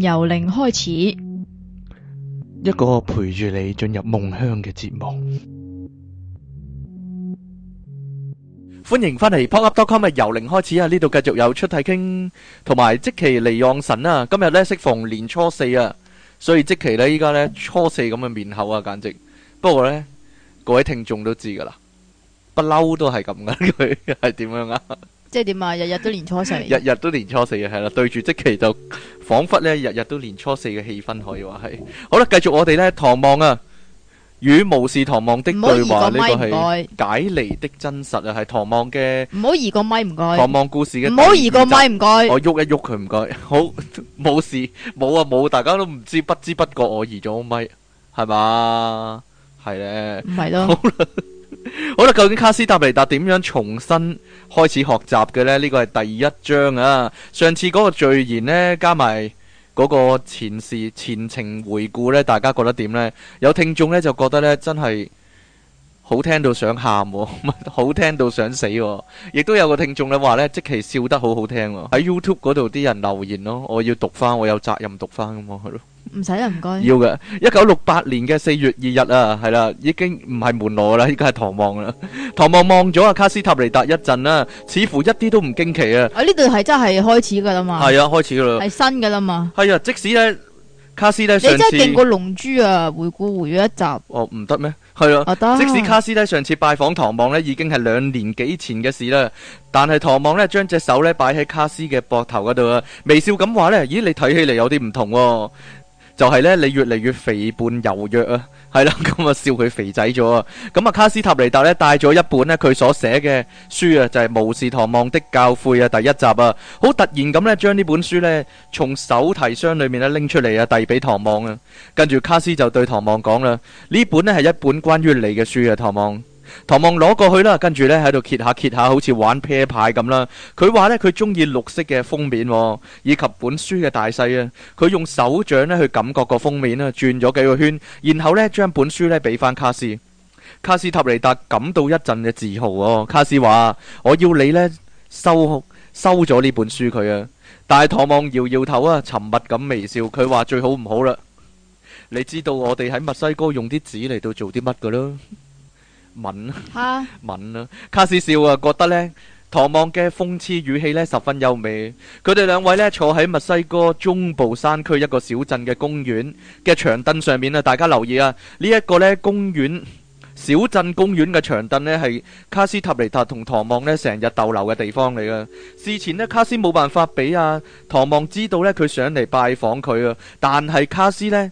由零開始，一個陪住你進入夢鄉嘅節目。歡迎翻嚟 pop up dot com 由零開始啊！呢度繼續有出題傾同埋即期嚟讓神啊！今日呢適逢年初四啊，所以即期呢，依家呢，初四咁嘅面口啊，簡直！不過呢，各位聽眾都知噶啦，不嬲都係咁噶，佢係點樣啊？即係點啊？日日都年初四， 日日都年初四啊，係啦，對住即期就仿佛咧，日日都年初四嘅氣氛可以話係。好啦，繼續我哋咧，唐望啊，與巫士唐望的對話呢個係解離的真實啊，係唐望嘅。唔好移個咪，唔該。唐望故事嘅。唔好移個咪，唔該。我喐一喐佢，唔該。好，冇 事，冇啊，冇，大家都唔知，不知不覺我移咗個咪，係嘛，係咧，唔係咯。 好啦，究竟卡斯達尼達點樣重新開始學習嘅呢？呢個係第一章啊！上次嗰個序言呢，加埋嗰個前事前情回顧呢，大家覺得點呢？有聽眾呢，就覺得呢，真係好聽到想喊喎， 好聽到想死喎。亦都有個聽眾呢話呢，即係笑得好好聽喎。喺 YouTube 嗰度啲人留言咯，我要讀翻，我有責任讀翻咁啊！嗯唔使啦，唔該。要嘅，一九六八年嘅四月二日啊，係啦，已經唔係門羅啦，依家係唐望啦。唐望望咗啊，卡斯塔尼達一陣啦，似乎一啲都唔驚奇啊。啊，呢度係真係開始噶啦嘛。係啊，開始噶啦。係新噶啦嘛。係啊，即使咧卡斯咧，你真係勁過龍珠啊！回顧回咗一集。哦，唔得咩？係啊。得。即使卡斯咧上次拜訪唐望咧，已經係兩年幾前嘅事啦，但係唐望咧將隻手咧擺喺卡斯嘅膊頭嗰度啊，微笑咁話咧：咦，你睇起嚟有啲唔同喎。就係咧，你越嚟越肥胖柔弱啊，係啦，咁啊笑佢肥仔咗啊，咁啊卡斯塔尼達咧帶咗一本咧佢所寫嘅書啊，就係、是《無視唐望的教誨》啊，第一集啊，好突然咁咧將呢本書咧從手提箱裏面咧拎出嚟啊，遞俾唐望啊，跟住卡斯就對唐望講啦，呢本呢係一本關於你嘅書啊，唐望。唐望攞過去啦，跟住呢喺度揭下揭下，好似玩啤牌咁啦。佢話呢，佢中意綠色嘅封面，以及本書嘅大細啊。佢用手掌呢去感覺個封面啦，轉咗幾個圈，然後呢將本書呢俾翻卡斯。卡斯塔尼達感到一陣嘅自豪哦。卡斯話：我要你呢收收咗呢本書佢啊。但係唐望搖搖頭啊，沉默咁微笑。佢話最好唔好啦。你知道我哋喺墨西哥用啲紙嚟到做啲乜噶咯？敏啦，敏啦！卡斯笑啊，覺得呢唐望嘅諷刺語氣呢十分優美。佢哋兩位呢坐喺墨西哥中部山區一個小鎮嘅公園嘅長凳上面啊！大家留意啊，呢、這、一個呢公園小鎮公園嘅長凳呢係卡斯塔尼達同唐望呢成日逗留嘅地方嚟噶。事前呢，卡斯冇辦法俾啊唐望知道呢，佢上嚟拜訪佢啊，但係卡斯呢，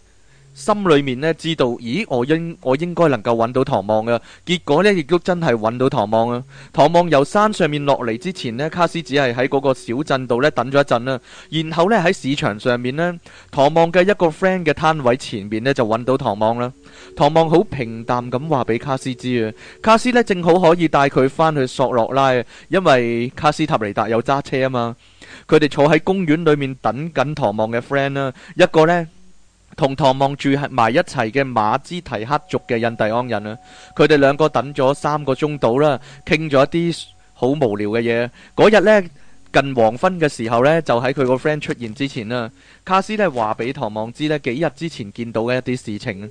心裏面呢知道，咦，我應我應該能夠揾到唐望㗎，結果呢，亦都真係揾到唐望啊！唐望由山上面落嚟之前呢，卡斯只係喺嗰個小鎮度呢等咗一陣啦，然後呢，喺市場上面呢，唐望嘅一個 friend 嘅攤位前面呢，就揾到唐望啦。唐望好平淡咁話俾卡斯知啊，卡斯呢，正好可以帶佢返去索洛拉啊，因為卡斯塔尼達有揸車啊嘛。佢哋坐喺公園裏面等緊唐望嘅 friend 啦，一個呢。同唐望住埋一齊嘅馬茲提克族嘅印第安人啦，佢哋兩個等咗三個鐘度啦，傾咗一啲好無聊嘅嘢。嗰日呢，近黃昏嘅時候呢，就喺佢個 friend 出現之前啦，卡斯呢話俾唐望知呢幾日之前見到嘅一啲事情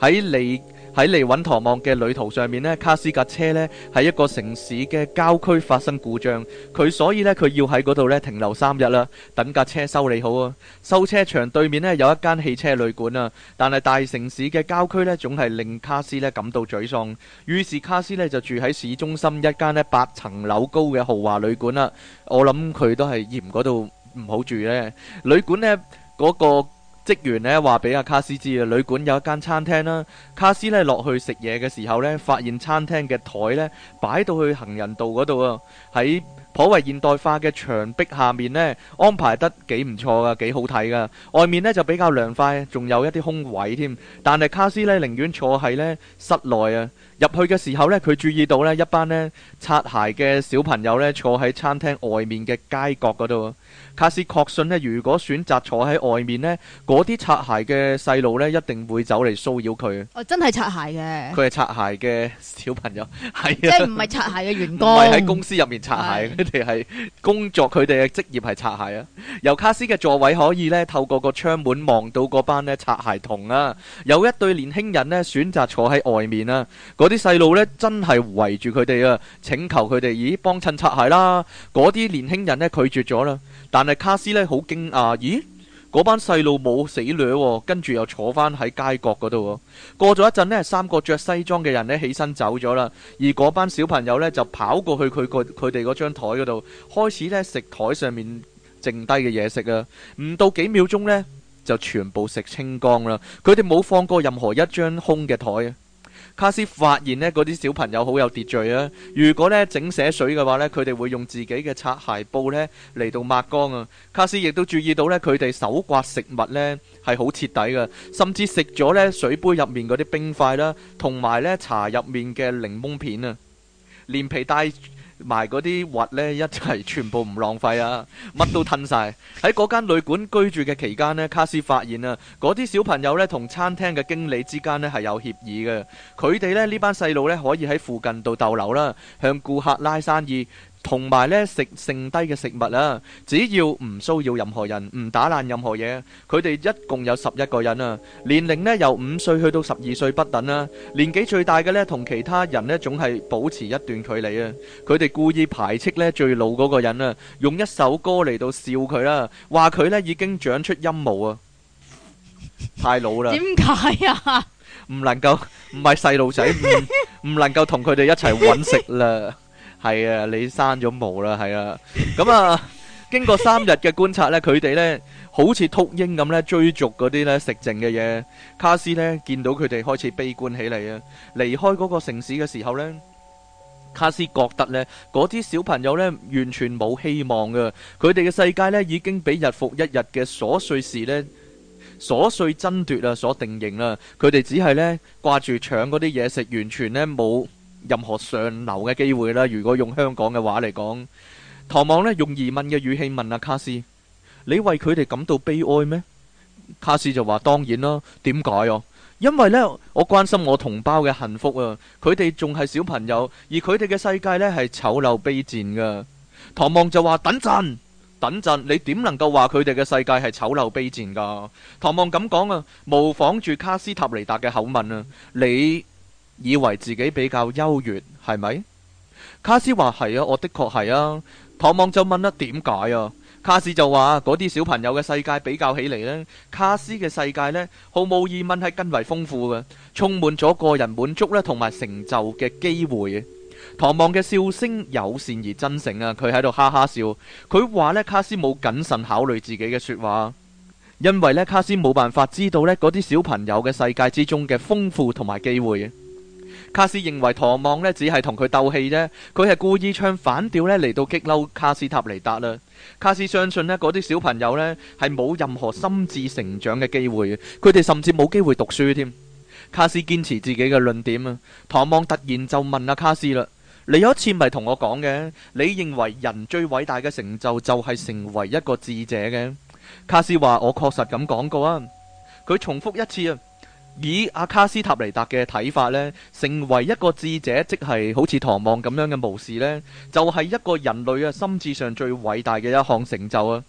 喺你。喺嚟揾唐望嘅旅途上面咧，卡斯架車咧喺一個城市嘅郊區發生故障，佢所以咧佢要喺嗰度咧停留三日啦，等架車修理好啊。修車場對面咧有一間汽車旅館啊，但係大城市嘅郊區咧總係令卡斯咧感到沮喪，於是卡斯咧就住喺市中心一間咧八層樓高嘅豪華旅館啦。我諗佢都係嫌嗰度唔好住咧。旅館咧嗰個職員呢話俾阿卡斯知，旅館有一間餐廳啦。卡斯呢落去食嘢嘅時候呢，發現餐廳嘅枱呢擺到去行人道嗰度啊。喺頗為現代化嘅牆壁下面呢，安排得幾唔錯噶，幾好睇噶。外面呢就比較涼快，仲有一啲空位添。但係卡斯呢寧願坐喺呢室內啊。入去嘅時候呢，佢注意到呢一班呢擦鞋嘅小朋友呢坐喺餐廳外面嘅街角嗰度。卡斯確信呢，如果選擇坐喺外面呢，嗰啲擦鞋嘅細路呢一定會走嚟騷擾佢。哦，真係擦鞋嘅。佢係擦鞋嘅小朋友，係 啊。即係唔係擦鞋嘅員工？唔係喺公司入面擦鞋，佢哋係工作，佢哋嘅職業係擦鞋啊。由卡斯嘅座位可以呢透過個窗門望到嗰班呢擦鞋童啊。有一對年輕人呢選擇坐喺外面啊。嗰啲細路咧，真係圍住佢哋啊，請求佢哋咦，幫襯擦鞋啦。嗰啲年輕人咧，拒絕咗啦，但係卡斯咧，好驚訝，咦，嗰班細路冇死掠喎，跟住又坐翻喺街角嗰度喎。過咗一陣呢，三個着西裝嘅人咧起身走咗啦啊，而嗰班小朋友咧就跑過去佢個佢哋嗰張台嗰度，開始咧食台上面剩低嘅嘢食啊。唔到幾秒鐘呢，就全部食清光啦。佢哋冇放過任何一張空嘅台啊。卡斯發現呢，嗰啲小朋友好有秩序啊！如果呢整寫水嘅話呢，佢哋會用自己嘅擦鞋布呢嚟到抹乾啊！卡斯亦都注意到呢，佢哋手刮食物呢係好徹底嘅，甚至食咗呢水杯入面嗰啲冰塊啦、啊，同埋呢茶入面嘅檸檬片啊，連皮帶埋嗰啲核咧一齊全部唔浪費啊，乜都吞晒。喺嗰間旅館居住嘅期間呢，卡斯發現啊，嗰啲小朋友呢，同餐廳嘅經理之間呢，係有協議嘅。佢哋呢，呢班細路呢，可以喺附近度逗留啦，向顧客拉生意，同埋咧食剩低嘅食物啦，只要唔騷擾任何人，唔打爛任何嘢。佢哋一共有十一個人啊，年齡咧由五歲去到十二歲不等啦。年紀最大嘅咧，同其他人咧總係保持一段距離啊。佢哋故意排斥咧最老嗰個人啊，用一首歌嚟，到笑佢啦，話佢咧已經長出陰毛啊，太老啦。點解啊？唔能夠唔係細路仔，唔唔能夠同佢哋一齊揾食啦。係啊，你生咗毛啦，係啊。咁、嗯、啊，經過三日嘅觀察呢，佢哋呢好似禿鷹咁呢追逐嗰啲呢食剩嘅嘢。卡斯呢見到佢哋開始悲觀起嚟啊。離開嗰個城市嘅時候呢，卡斯覺得呢嗰啲小朋友呢完全冇希望噶。佢哋嘅世界呢已經俾日復一日嘅瑣碎事呢瑣碎爭奪啊所定型啦。佢哋只係呢掛住搶嗰啲嘢食，完全呢冇。任何上流嘅機會啦。如果用香港嘅話嚟講，唐望呢用疑問嘅語氣問阿卡斯：你為佢哋感到悲哀咩？卡斯就話：當然啦。點解哦？因為呢，我關心我同胞嘅幸福啊。佢哋仲係小朋友，而佢哋嘅世界呢係醜陋卑賤噶。唐望就話：等陣，等陣，你點能夠話佢哋嘅世界係醜陋卑賤噶？唐望咁講啊，模仿住卡斯塔尼達嘅口吻啊，你以為自己比較優越，係咪？卡斯話係啊，我的確係啊。唐望就問啦，啊，點解啊？卡斯就話，嗰啲小朋友嘅世界比較起嚟呢，卡斯嘅世界呢，毫無疑問係更為豐富嘅，充滿咗個人滿足呢同埋成就嘅機會嘅。唐望嘅笑聲友善而真誠啊，佢喺度哈哈笑。佢話呢，卡斯冇謹慎考慮自己嘅說話，因為呢，卡斯冇辦法知道呢，嗰啲小朋友嘅世界之中嘅豐富同埋機會。卡斯認為唐望咧只係同佢鬥氣啫，佢係故意唱反調咧嚟到激嬲卡斯塔尼達啦。卡斯相信咧嗰啲小朋友咧係冇任何心智成長嘅機會，佢哋甚至冇機會讀書添。卡斯堅持自己嘅論點啊！唐望突然就問阿、啊、卡斯啦：，你有一次咪同我講嘅，你認為人最偉大嘅成就就係成為一個智者嘅？卡斯話：我確實咁講過啊！佢重複一次啊！以阿卡斯塔尼達嘅睇法呢，成為一個智者，即係好似唐望咁樣嘅武士呢，就係、是、一個人類啊心智上最偉大嘅一項成就啊！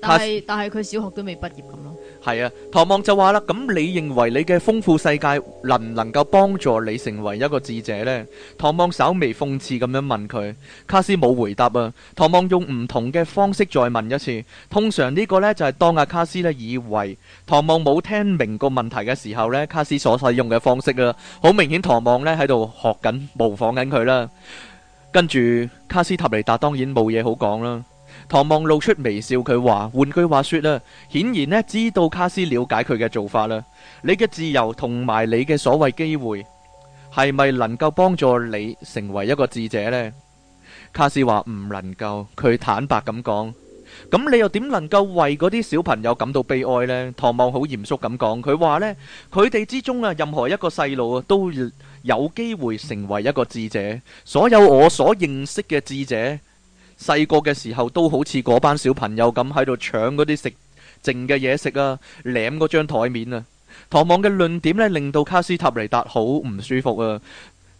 但係但係佢小學都未畢業咁咯，係啊。唐望就話啦，「咁你認為你嘅豐富世界能唔能夠幫助你成為一個智者呢？」唐望稍微諷刺咁樣問佢，卡斯冇回答啊。唐望用唔同嘅方式再問一次，通常呢個呢，就係當阿卡斯呢以為唐望冇聽明個問題嘅時候呢，卡斯所使用嘅方式啊。好明顯唐望呢喺度學緊模仿緊佢啦。跟住卡斯塔尼達當然冇嘢好講啦。唐望露出微笑，佢話：換句話說啦，顯然呢，知道卡斯了解佢嘅做法啦。你嘅自由同埋你嘅所謂機會，係咪能夠幫助你成為一個智者呢？」卡斯話唔能夠，佢坦白咁講。咁你又點能夠為嗰啲小朋友感到悲哀呢？」唐望好嚴肅咁講，佢話呢，佢哋之中啊，任何一個細路啊，都有機會成為一個智者。所有我所認識嘅智者，細個嘅時候都好似嗰班小朋友咁喺度搶嗰啲食剩嘅嘢食啊，舐嗰張台面啊！唐望嘅論點呢，令到卡斯塔尼達好唔舒服啊！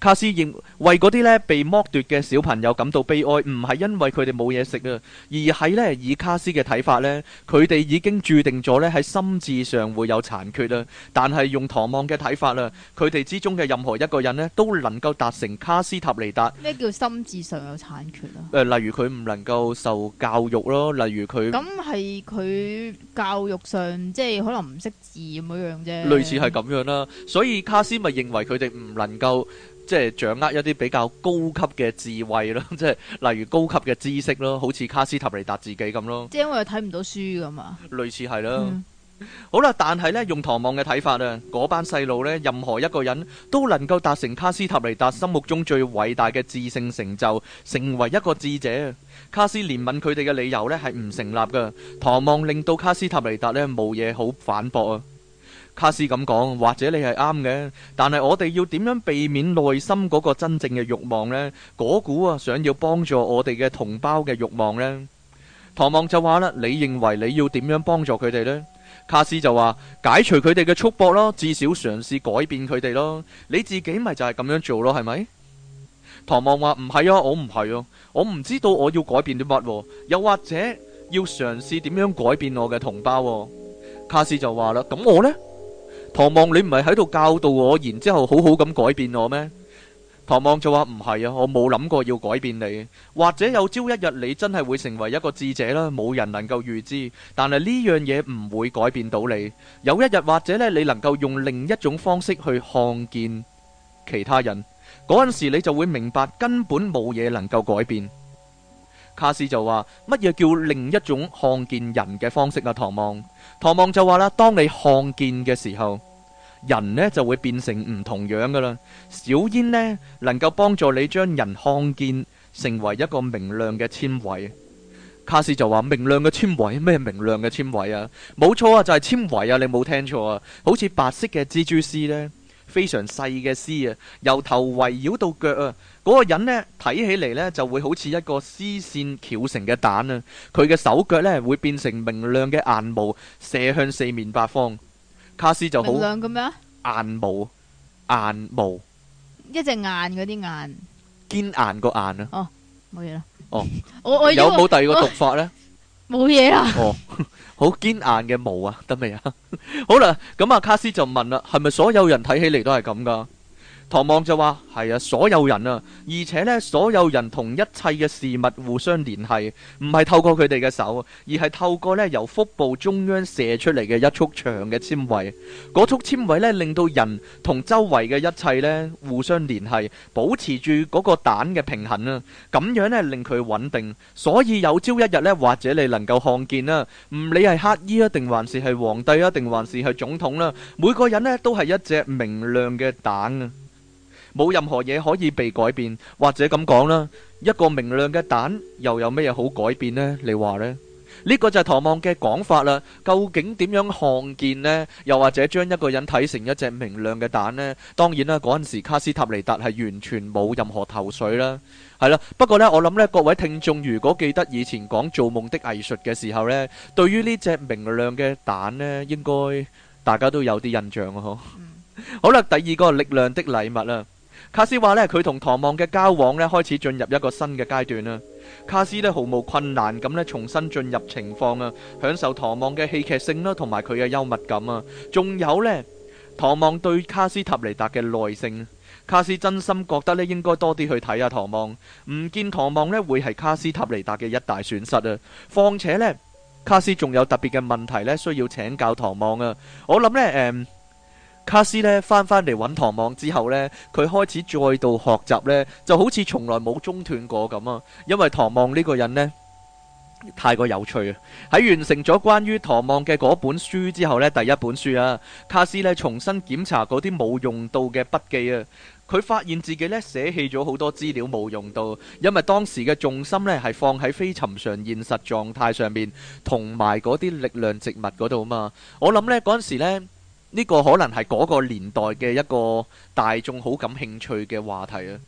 卡斯認為嗰啲咧，被剝奪嘅小朋友感到悲哀，唔係因為佢哋冇嘢食啊，而係咧以卡斯嘅睇法咧，佢哋已經注定咗咧喺心智上會有殘缺啊。但係用唐望嘅睇法啦，佢哋之中嘅任何一個人咧都能夠達成卡斯塔尼達。咩叫心智上有殘缺啊？誒、呃，例如佢唔能夠受教育咯，例如佢咁係佢教育上即係可能唔識字咁樣啫。類似係咁樣啦，所以卡斯咪認為佢哋唔能夠。即係掌握一啲比較高級嘅智慧咯，即係例如高級嘅知識咯，好似卡斯塔尼達自己咁咯。即係因為睇唔到書㗎嘛。類似係啦。嗯、好啦，但係呢，用唐望嘅睇法啊，嗰班細路呢，任何一個人都能夠達成卡斯塔尼達心目中最偉大嘅智性成就，成為一個智者。卡斯憐憫佢哋嘅理由呢，係唔成立㗎。嗯、唐望令到卡斯塔尼達呢冇嘢好反駁啊。卡斯咁講，或者你係啱嘅，但係我哋要點樣避免內心嗰個真正嘅欲望呢？嗰股啊想要幫助我哋嘅同胞嘅欲望呢？唐望就話啦，你認為你要點樣幫助佢哋呢？」卡斯就話解除佢哋嘅束縛咯，至少嘗試改變佢哋咯。你自己咪就係咁樣做咯，係咪？唐望話唔係啊，我唔係啊，我唔知道我要改變啲乜、啊，又或者要嘗試點樣改變我嘅同胞、啊。卡斯就話啦，咁我呢？」唐望，你唔係喺度教導我，然之後好好咁改變我咩？唐望就話唔係啊，我冇諗過要改變你，或者有朝一日你真係會成為一個智者啦，冇人能夠預知，但係呢樣嘢唔會改變到你。有一日，或者呢你能夠用另一種方式去看見其他人，嗰陣時你就會明白根本冇嘢能夠改變。卡斯就話乜嘢叫另一種看見人嘅方式啊？唐望，唐望就話啦，當你看見嘅時候，人呢就會變成唔同樣噶啦。小煙呢能夠幫助你將人看見成為一個明亮嘅纖維。卡斯就話明亮嘅纖維咩？明亮嘅纖維啊，冇錯啊，就係纖維啊，你冇聽錯啊，好似白色嘅蜘蛛絲呢。」非常細嘅絲啊，由頭圍繞到腳啊，嗰、那個人呢，睇起嚟呢，就會好似一個絲線絞成嘅蛋啊，佢嘅手腳呢，會變成明亮嘅硬毛，射向四面八方。卡斯就好亮嘅咩？眼毛，眼毛，一隻眼嗰啲眼，堅硬個眼啊？哦，冇嘢啦。哦， 哦我，我有冇第二個讀法呢？冇嘢啊。哦。 好堅硬嘅毛啊，得未啊？ 好啦，咁、嗯、阿卡斯就問啦，係咪所有人睇起嚟都係咁㗎？唐望就話：係啊，所有人啊，而且呢，所有人同一切嘅事物互相聯繫，唔係透過佢哋嘅手，而係透過呢由腹部中央射出嚟嘅一束長嘅纖維。嗰束纖維呢令到人同周圍嘅一切呢互相聯繫，保持住嗰個蛋嘅平衡啊。咁樣呢令佢穩定。所以有朝一日呢，或者你能夠看見啦，唔理係乞兒啊，定還是係皇帝啊，定還是係總統啦，每個人呢都係一隻明亮嘅蛋啊。冇任何嘢可以被改變，或者咁講啦，一個明亮嘅蛋又有咩嘢好改變呢？你話呢，呢個就係唐望嘅講法啦。究竟點樣看見呢？又或者將一個人睇成一隻明亮嘅蛋呢？當然啦，嗰陣時卡斯塔尼達係完全冇任何頭緒啦。係啦，不過呢，我諗呢，各位聽眾如果記得以前講做夢的藝術嘅時候呢，對於呢隻明亮嘅蛋呢，應該大家都有啲印象啊！嗯、 好，好啦，第二個力量的禮物啦。卡斯話呢，佢同唐望嘅交往呢，開始進入一個新嘅階段啦。卡斯呢，毫無困難咁呢，重新進入情況啊，享受唐望嘅戲劇性啦，同埋佢嘅幽默感啊，仲有呢，唐望對卡斯塔尼達嘅耐性。卡斯真心覺得呢，應該多啲去睇下唐望，唔見唐望呢，會係卡斯塔尼達嘅一大損失啊。況且呢，卡斯仲有特別嘅問題呢，需要請教唐望啊。我諗呢。誒、嗯。卡斯呢翻翻嚟搵唐望之後呢，佢開始再度學習呢，就好似從來冇中斷過咁啊！因為唐望呢個人呢，太過有趣啊！喺完成咗關於唐望嘅嗰本書之後呢，第一本書啊，卡斯呢重新檢查嗰啲冇用到嘅筆記啊，佢發現自己呢捨棄咗好多資料冇用到，因為當時嘅重心呢係放喺非尋常現實狀態上面，同埋嗰啲力量植物嗰度啊嘛。我諗呢嗰陣時咧。呢個可能係嗰個年代嘅一個大眾好感興趣嘅話題啊，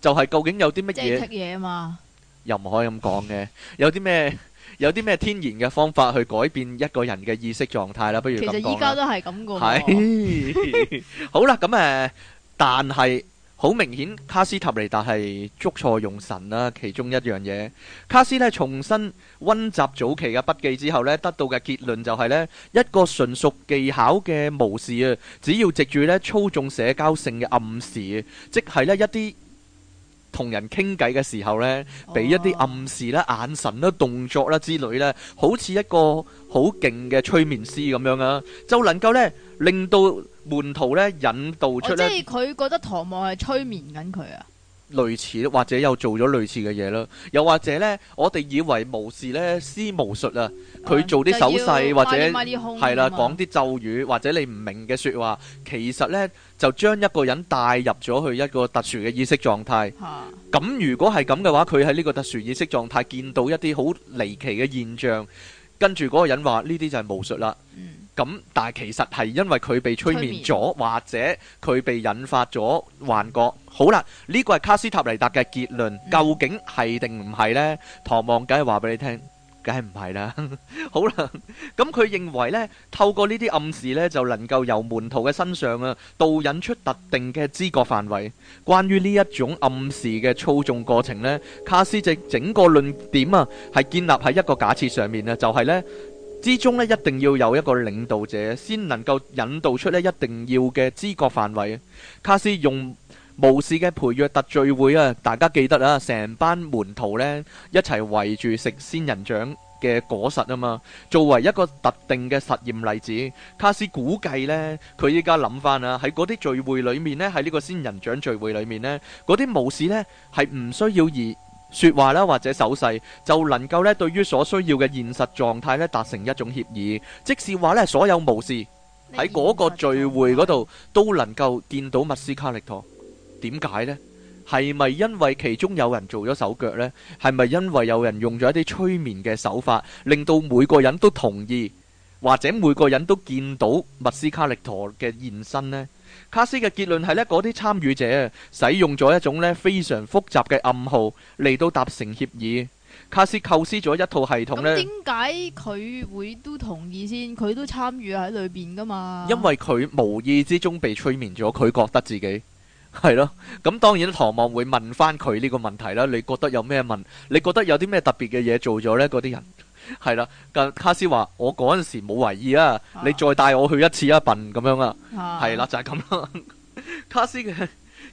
就係、是、究竟有啲乜嘢？刺激嘢啊嘛！又唔可以咁講嘅，有啲咩有啲咩天然嘅方法去改變一個人嘅意識狀態啦？不如其實依家都係咁噶喎。 好啦，咁誒，但係。好明顯，卡斯塔尼達係捉錯用神啦，啊，其中一樣嘢。卡斯咧重新溫習早期嘅筆記之後呢，得到嘅結論就係呢，一個純屬技巧嘅模式啊，只要藉住呢操縱社交性嘅暗示，即係呢一啲。同人傾偈嘅時候呢，俾一啲暗示啦、眼神啦、動作啦之類呢，好似一個好勁嘅催眠師咁樣啊，就能夠呢令到門徒呢引導出嚟。即係佢覺得唐望係催眠緊佢啊？類似或者又做咗類似嘅嘢啦，又或者呢，我哋以為無事呢，施巫術啊，佢做啲手勢、嗯、或者係啦，講啲者咒語或者你唔明嘅説話，其實呢。就將一個人帶入咗去一個特殊嘅意識狀態。咁如果係咁嘅話，佢喺呢個特殊意識狀態見到一啲好離奇嘅現象，跟住嗰個人話呢啲就係巫術啦。咁但係其實係因為佢被催眠咗，或者佢被引發咗幻覺。好啦，呢個係卡斯塔尼達嘅結論，究竟係定唔係呢？唐望梗係話俾你聽。梗係唔係啦， 好啦，咁佢認為呢，透過呢啲暗示呢，就能夠由門徒嘅身上啊導引出特定嘅知覺範圍。關於呢一種暗示嘅操縱過程呢，卡斯嘅整個論點啊係建立喺一個假設上面啊，就係呢之中呢，一定要有一個領導者先能夠引導出呢一定要嘅知覺範圍。卡斯用。巫士嘅培約特聚會啊，大家記得啊，成班門徒呢一齊圍住食仙人掌嘅果實啊嘛。作為一個特定嘅實驗例子，卡斯估計呢，佢依家諗翻啊，喺嗰啲聚會裏面呢，喺呢個仙人掌聚會裏面呢，嗰啲巫士呢係唔需要以説話啦，或者手勢就能夠呢對於所需要嘅現實狀態呢達成一種協議，即使話呢，所有巫士喺嗰個聚會嗰度都能夠見到密斯卡力托。點解呢？係咪因為其中有人做咗手腳呢？係咪因為有人用咗一啲催眠嘅手法，令到每個人都同意，或者每個人都見到密斯卡力陀嘅現身呢？卡斯嘅結論係呢，嗰啲參與者使用咗一種呢非常複雜嘅暗號嚟到達成協議。卡斯構思咗一套系統呢。咁點解佢會都同意先？佢都參與喺裏邊噶嘛？因為佢無意之中被催眠咗，佢覺得自己。係咯，咁當然唐望會問翻佢呢個問題啦。你覺得有咩問？你覺得有啲咩特別嘅嘢做咗呢？嗰啲人係啦。卡斯話：我嗰陣時冇懷疑啊。啊你再帶我去一次啊，笨咁樣啊。係啦，就係咁啦。 卡斯嘅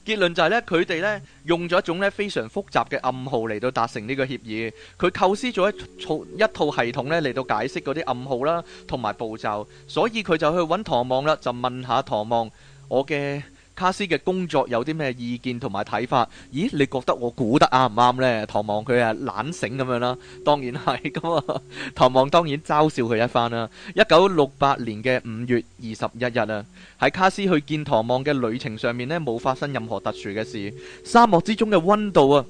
結論就係呢：佢哋呢用咗一種呢非常複雜嘅暗號嚟到達成呢個協議。佢構思咗一套一套系統呢嚟到解釋嗰啲暗號啦，同埋步驟。所以佢就去揾唐望啦，就問下唐望我嘅，卡斯嘅工作有啲咩意見同埋睇法？咦，你覺得我估得啱唔啱呢？唐望佢啊，懶醒咁樣啦，當然係噶嘛。唐 望當然嘲笑佢一番啦，啊。一九六八年嘅五月二十一日啊，喺卡斯去見唐望嘅旅程上面呢，冇發生任何特殊嘅事。沙漠之中嘅温度啊。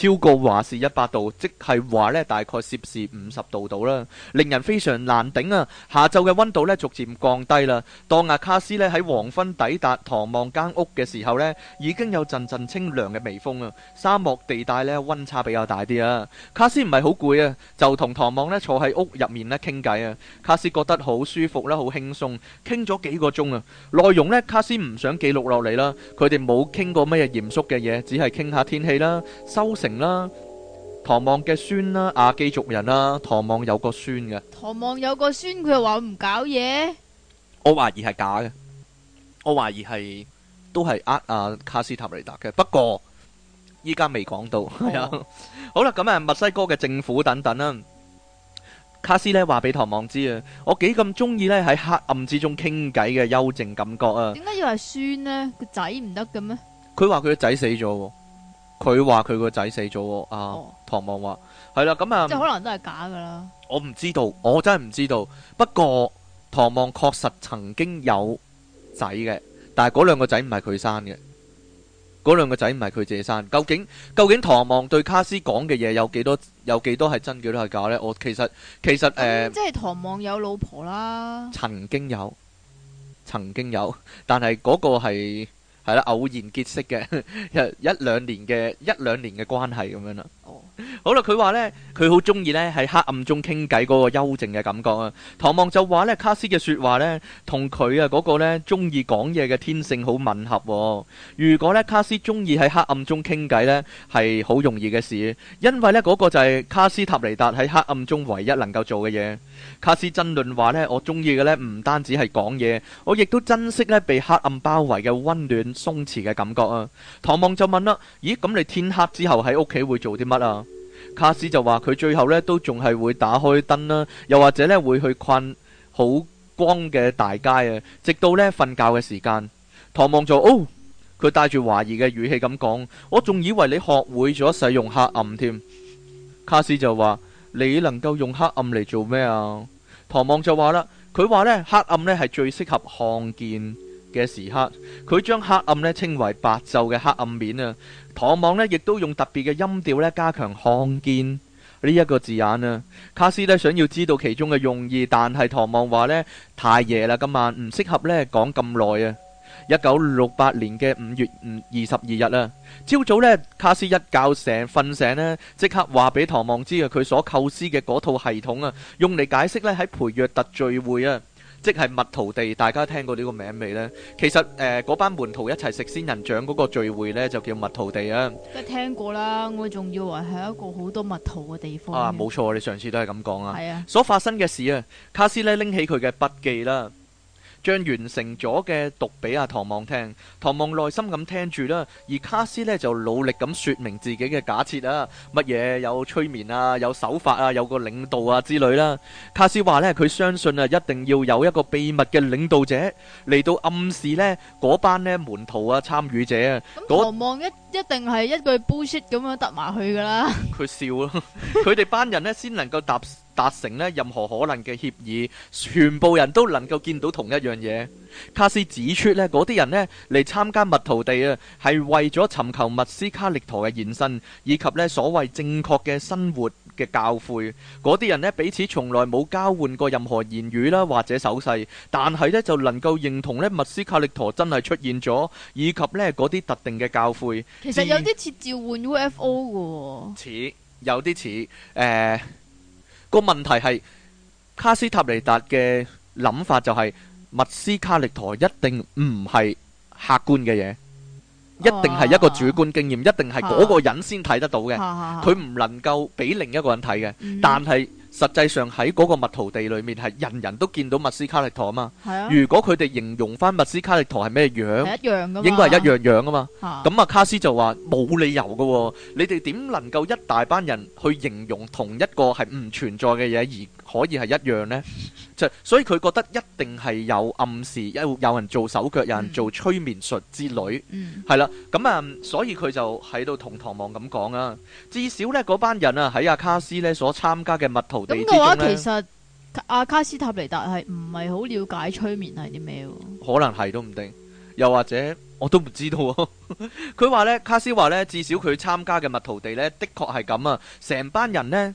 超過華氏一百度，即係話咧大概攝氏五十度度啦，令人非常難頂啊！下晝嘅温度咧逐漸降低啦。當阿、啊、卡斯咧喺黃昏抵達唐望間屋嘅時候呢，已經有陣陣清涼嘅微風啊！沙漠地帶呢，温差比較大啲啊。卡斯唔係好攰啊，就同唐望咧坐喺屋入面咧傾偈啊。卡斯覺得好舒服啦，好輕鬆，傾咗幾個鐘啊。內容呢，卡斯唔想記錄落嚟啦，佢哋冇傾過乜嘢嚴肅嘅嘢，只係傾下天氣啦、收成啦，唐望嘅孫啦，阿基族人啦，唐望有個孫嘅。唐望有個孫，佢又話唔搞嘢。我懷疑係假嘅，我懷疑係都係呃阿卡斯塔雷達嘅。不過依家未講到，係啊、哦。 好啦，咁啊，墨西哥嘅政府等等啦，卡斯咧話俾唐望知啊，我幾咁中意咧喺黑暗之中傾偈嘅幽靜感覺啊。點解要係孫呢？個仔唔得嘅咩？佢話佢個仔死咗。佢話佢個仔死咗，阿唐望話係啦，咁啊，哦嗯、即係可能都係假噶啦。我唔知道，我真係唔知道。不過唐望確實曾經有仔嘅，但係嗰兩個仔唔係佢生嘅，嗰兩個仔唔係佢自己生。究竟究竟唐望對卡斯講嘅嘢有幾多？有幾多係真？幾多係假呢？我其實其實誒，嗯呃、即係唐望有老婆啦，曾經有，曾經有，但係嗰個係。係啦，偶然結識嘅 一，一兩年嘅，一兩年嘅關係咁樣啦。哦。好啦，佢話呢，佢好中意呢喺黑暗中傾偈嗰個幽靜嘅感覺啊。唐望就話呢，卡斯嘅說話呢，同佢啊嗰個呢中意講嘢嘅天性好吻合喎。如果呢，卡斯中意喺黑暗中傾偈呢，係好容易嘅事，因為呢嗰個就係卡斯塔尼達喺黑暗中唯一能夠做嘅嘢。卡斯爭論話呢，我中意嘅呢唔單止係講嘢，我亦都珍惜呢被黑暗包圍嘅溫暖鬆弛嘅感覺啊。唐望就問啦，咦，咁你天黑之後喺屋企會做啲乜啊？卡斯就話佢最後咧都仲係會打開燈啦，又或者咧會去困好光嘅大街啊，直到咧瞓覺嘅時間。唐望就哦，佢帶住懷疑嘅語氣咁講，我仲以為你學會咗使用黑暗添。卡斯就話，你能夠用黑暗嚟做咩啊？唐望就話啦，佢話咧黑暗咧係最適合看見嘅時刻，佢將黑暗咧稱為白晝嘅黑暗面啊！唐望咧亦都用特別嘅音調咧加強看見呢一個字眼啊！卡斯咧想要知道其中嘅用意，但係唐望話咧太夜啦，今晚唔適合咧講咁耐啊！一九六八年嘅五月五二十二日啊，朝早咧卡斯一覺醒瞓醒咧，即刻話俾唐望知啊，佢所構思嘅嗰套系統啊，用嚟解釋咧喺培約特聚會啊！即係蜜桃地，大家聽過呢個名未呢？其實誒，嗰、呃、班門徒一齊食仙人掌嗰個聚會呢，就叫蜜桃地啊！都聽過啦，我仲以為係一個好多蜜桃嘅地方。啊，冇錯、啊，你上次都係咁講啊。係啊，所發生嘅事啊，卡斯呢拎起佢嘅筆記啦。將完成咗嘅讀俾阿唐望聽，唐望耐心咁聽住啦。而卡斯咧就努力咁説明自己嘅假設啊，乜嘢有催眠啊，有手法啊，有個領導啊之類啦。卡斯話咧，佢相信啊，一定要有一個秘密嘅領導者嚟到暗示咧嗰班咧門徒啊、參與者啊。咁唐望一一定係一句 bullshit 咁樣答埋去噶啦。佢笑咯，佢哋班人咧先能夠答。達成呢任何可能嘅協議，全部人都能夠見到同一樣嘢。卡斯指出呢，嗰啲人呢嚟參加密桃地啊，係為咗尋求密斯卡力陀嘅現身，以及呢所謂正確嘅生活嘅教誨。嗰啲人呢彼此從來冇交換過任何言語啦，或者手勢，但係呢就能夠認同呢密斯卡力陀真係出現咗，以及呢嗰啲特定嘅教誨。其實有啲似召喚 UFO 噶喎，似有啲似誒。呃個問題係卡斯塔尼達嘅諗法就係、是，密斯卡力陀一定唔係客觀嘅嘢，一定係一個主觀經驗，一定係嗰個人先睇得到嘅，佢唔、啊、能夠俾另一個人睇嘅，嗯、哼但係。實際上喺嗰個麥圖地裏面係人人都見到密斯卡力陀啊嘛。啊，如果佢哋形容翻密斯卡力陀係咩樣，樣應該係一樣樣啊嘛。咁啊，卡斯就話冇理由嘅，哦，你哋點能夠一大班人去形容同一個係唔存在嘅嘢而？可以係一樣呢，就所以佢覺得一定係有暗示，有有人做手腳，有人做催眠術之類，係啦、嗯。咁啊、嗯，所以佢就喺度同唐望咁講啊。至少呢，嗰班人啊喺阿卡斯呢所參加嘅密徒地之中，咁嘅話，其實阿卡斯塔尼達係唔係好了解催眠係啲咩？可能係都唔定，又或者我都唔知道啊。佢話呢，卡斯話呢，至少佢參加嘅密徒地呢，的確係咁啊，成班人呢。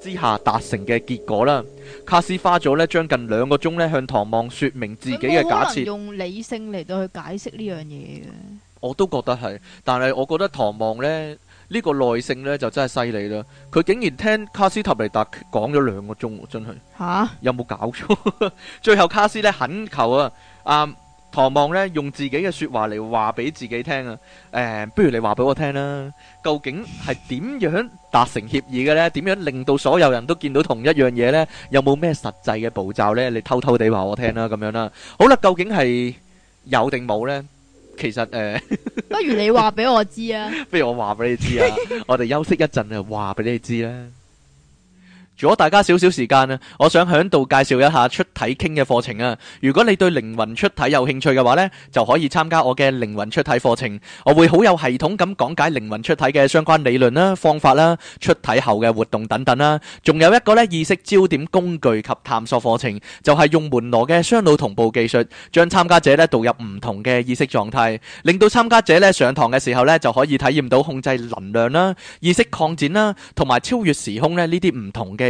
之下達成嘅結果啦，卡斯花咗咧將近兩個鐘咧向唐望說明自己嘅假設，用理性嚟到去解釋呢樣嘢，我都覺得係，但係我覺得唐望咧呢、這個耐性呢就真係犀利啦，佢竟然聽卡斯塔尼達講咗兩個鐘真係，吓、啊、有冇搞錯？ 最後卡斯呢懇求啊啊！嗯唐望咧用自己嘅說話嚟話俾自己聽啊！誒、嗯，不如你話俾我聽啦，究竟係點樣達成協議嘅呢？點 樣令到所有人都見到同一樣嘢呢？有冇咩實際嘅步驟呢？你偷偷地話我聽啦，咁樣啦、啊。好啦，究竟係有定冇呢？其實誒，呃、 不如你話俾我知啊！不如我話俾你知啊！我哋休息一陣啊，話俾你知啦。如果大家少少時間啊，我想喺度介紹一下出體傾嘅課程啊。如果你對靈魂出體有興趣嘅話咧，就可以參加我嘅靈魂出體課程。我會好有系統咁講解靈魂出體嘅相關理論啦、方法啦、出體後嘅活動等等啦。仲有一個咧意識焦點工具及探索課程，就係用門羅嘅雙腦同步技術，將參加者咧導入唔同嘅意識狀態，令到參加者咧上堂嘅時候咧就可以體驗到控制能量啦、意識擴展啦，同埋超越時空咧呢啲唔同嘅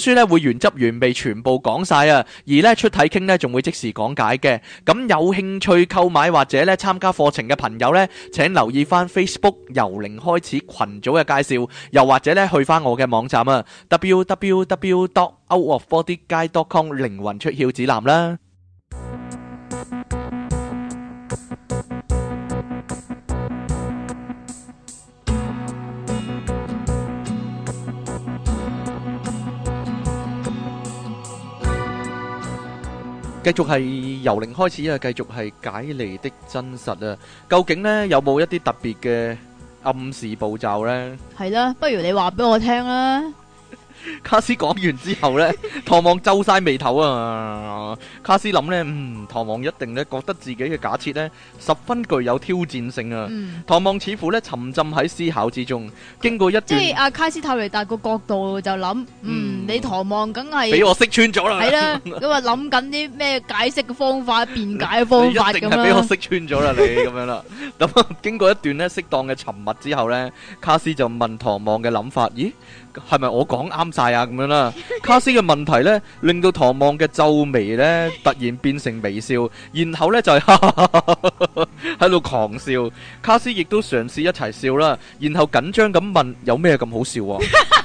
本書咧會原汁原味全部講晒啊，而咧出體傾咧仲會即時講解嘅。咁有興趣購買或者咧參加課程嘅朋友咧，請留意翻 Facebook 由零開始群組嘅介紹，又或者咧去翻我嘅網站啊，www.outofbodyguide.com 靈魂出竅指南啦。繼續係由零開始啊！繼續係解離的真實啊！究竟呢？有冇一啲特別嘅暗示步驟呢？係啦，不如你話俾我聽啦。卡斯講完之後咧，唐 望皺晒眉頭啊！卡斯諗咧，嗯，唐望一定咧覺得自己嘅假設咧十分具有挑戰性啊！嗯，唐望似乎咧沉浸喺思考之中。嗯、經過一段，即係阿、啊、卡斯塔尼達個角度就諗，嗯，嗯你唐望梗係俾我識穿咗啦，係 啦，咁啊諗緊啲咩解釋嘅方法，辯解方法咁樣啦，俾我識穿咗啦你咁樣啦。咁 經過一段咧適當嘅沉默之後咧，卡斯就問唐望嘅諗法，咦？係咪我講啱晒啊？咁樣啦，卡斯嘅問題呢，令到唐望嘅皺眉呢突然變成微笑，然後呢就係喺度狂笑。卡斯亦都嘗試一齊笑啦，然後緊張咁問：有咩咁好笑啊？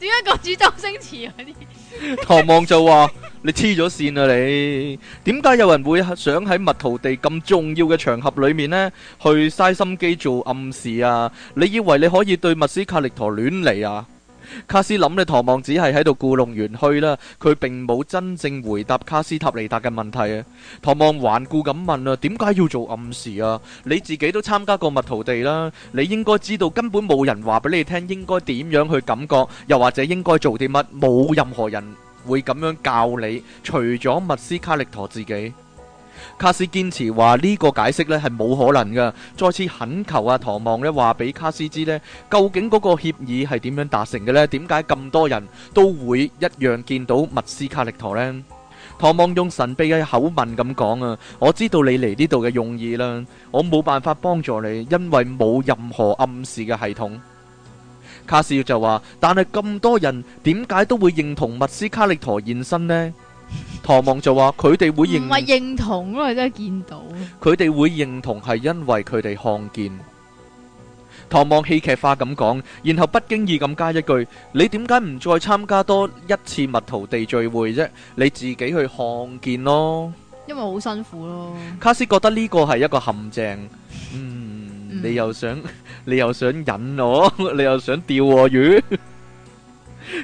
點解講住周星馳嗰啲？唐 望就話： 你黐咗線啊！你點解有人會想喺蜜桃地咁重要嘅場合裏面呢去嘥心機做暗示啊？你以為你可以對密斯卡力陀亂嚟啊？卡斯諗咧，唐望只係喺度故弄玄虛啦，佢並冇真正回答卡斯塔尼達嘅問題啊。唐望頑固咁問啦，點解要做暗示啊？你自己都參加過蜜桃地啦，你應該知道根本冇人話俾你聽應該點樣去感覺，又或者應該做啲乜，冇任何人會咁樣教你，除咗密斯卡力陀自己。卡斯堅持話呢個解釋咧係冇可能噶，再次懇求阿唐望咧話俾卡斯知咧，究竟嗰個協議係點樣達成嘅呢？點解咁多人都會一樣見到密斯卡力陀呢？唐望用神秘嘅口吻咁講啊，我知道你嚟呢度嘅用意啦，我冇辦法幫助你，因為冇任何暗示嘅系統。卡斯就話，但係咁多人點解都會認同密斯卡力陀現身呢？唐望就話佢哋會認唔係認同咯，真係見到佢哋會認同係因為佢哋看見。唐望戲劇化咁講，然後不經意咁加一句：你點解唔再參加多一次蜜桃地聚會啫？你自己去看見咯，因為好辛苦咯。卡斯覺得呢個係一個陷阱。嗯，嗯，你又想你又想引我，你又想釣我魚。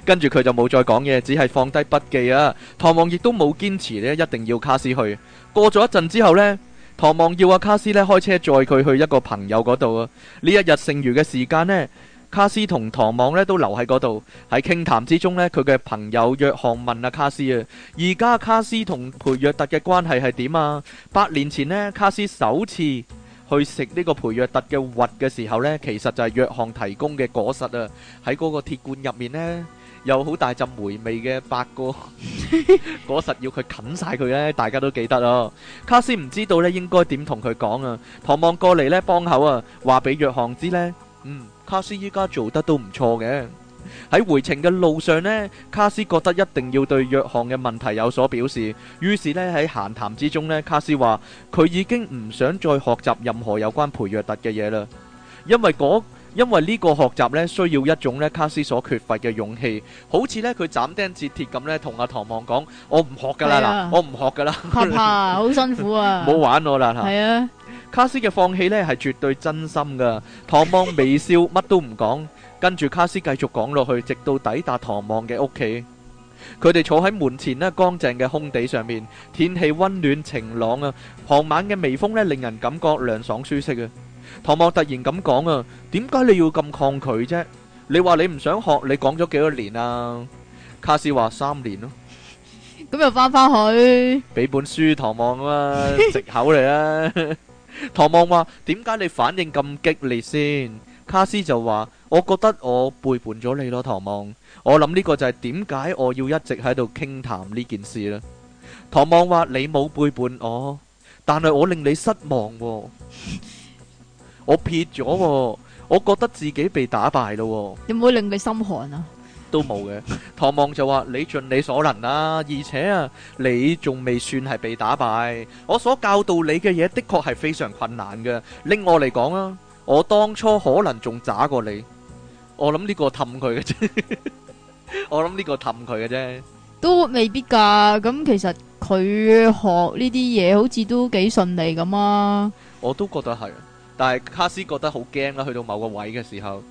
跟住佢就冇再講嘢，只係放低筆記啊。唐望亦都冇堅持咧，一定要卡斯去。過咗一陣之後呢，唐望要阿、啊、卡斯呢開車載佢去一個朋友嗰度啊。呢一日剩餘嘅時間呢，卡斯同唐望呢都留喺嗰度，喺傾談之中呢，佢嘅朋友約翰問阿、啊、卡斯啊，而家卡斯同培若特嘅關係係點啊？八年前呢，卡斯首次去食呢個培若特嘅核嘅時候呢，其實就係約翰提供嘅果實啊。喺嗰個鐵罐入面呢。有好大陣霉味嘅八個果實要佢啃晒佢咧，大家都記得咯。卡斯唔知道咧，應該點同佢講啊？唐望過嚟，咧，幫口啊，話俾約翰知咧。嗯，卡斯依家做得都唔錯嘅。喺回程嘅路上咧，卡斯覺得一定要對約翰嘅問題有所表示，於是咧，喺閒談之中咧，卡斯話佢已經唔想再學習任何有關培約特嘅嘢啦，因為嗰。因為呢個學習咧，需要一種咧卡斯所缺乏嘅勇氣，好似咧，佢斬釘截鐵咁咧同阿唐望講：我唔學噶啦，嗱、啊，我唔學噶啦。怕怕 好辛苦啊！冇玩我啦，吓。係啊，卡斯嘅放棄咧係絕對真心噶。唐望微笑，乜都唔講， 跟住卡斯繼續講落去，直到抵達唐望嘅屋企。佢哋坐喺門前呢，乾淨嘅空地上面，天氣溫暖晴朗啊。傍晚嘅微風咧，令人感覺涼爽舒適嘅、啊。唐望突然咁講啊，點解你要咁抗拒啫？你話你唔想學，你講咗幾多年啊？卡斯話三年咯、啊，咁又翻翻去俾本書唐望啦、啊， 藉口嚟啦、啊。唐 望話：點解你反應咁激烈先？卡斯就話：我覺得我背叛咗你咯，唐望。我諗呢個就係點解我要一直喺度傾談呢件事啦。唐望話：你冇背叛我，但係我令你失望、啊。 我撇咗，我覺得自己被打敗咯。有冇令你心寒啊？都冇嘅。唐望就話：你盡你所能啦。而且啊，你仲未算係被打敗。我所教導你嘅嘢的確係非常困難嘅。拎我嚟講啊，我當初可能仲渣過你。我諗呢個氹佢嘅啫。我諗呢個氹佢嘅啫。都未必噶。咁其實佢學呢啲嘢，好似都幾順利咁啊。我都覺得係。但係卡斯覺得好驚啦，去到某個位嘅時候，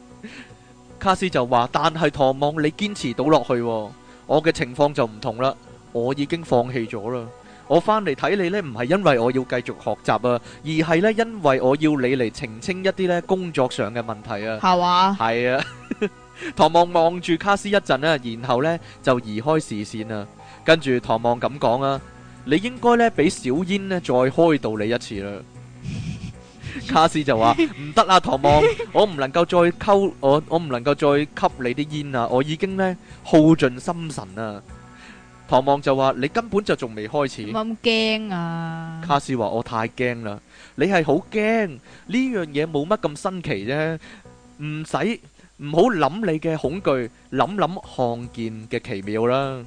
卡斯就話：但係唐望，你堅持到落去，我嘅情況就唔同啦，我已經放棄咗啦。我翻嚟睇你呢，唔係因為我要繼續學習啊，而係呢，因為我要你嚟澄清一啲呢工作上嘅問題啊。係嘛？係啊。唐 望望住卡斯一陣咧，然後呢就移開視線啦。跟住唐望咁講啊：你應該呢，俾小煙呢再開導你一次啦。卡斯就話唔得喇，唐 望，我唔能夠再抽我，我唔能夠再吸你啲煙啊，我已經呢，耗盡心神喇。唐望就話，你根本就仲未開始咁驚啊。卡斯話，我太驚啦。你係好驚呢樣嘢冇乜咁新奇啫，唔使唔好諗你嘅恐懼，諗諗看見嘅奇妙啦。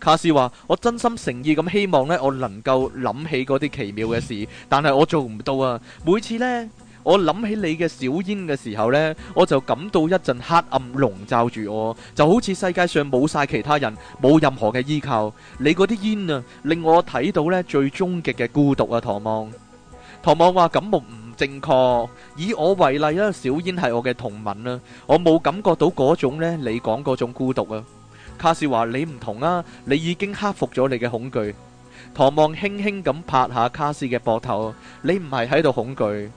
卡斯話：我真心誠意咁希望呢，我能夠諗起嗰啲奇妙嘅事，但係我做唔到啊！每次呢，我諗起你嘅小煙嘅時候呢，我就感到一陣黑暗籠罩住我，就好似世界上冇晒其他人，冇任何嘅依靠。你嗰啲煙啊，令我睇到呢最終極嘅孤獨啊！唐望，唐望話：感冒唔正確。以我為例啊，小煙係我嘅同文啊。我冇感覺到嗰種呢，你講嗰種孤獨啊！卡斯話：你唔同啊，你已經克服咗你嘅恐懼。唐望輕輕咁拍下卡斯嘅膊頭，你唔係喺度恐懼。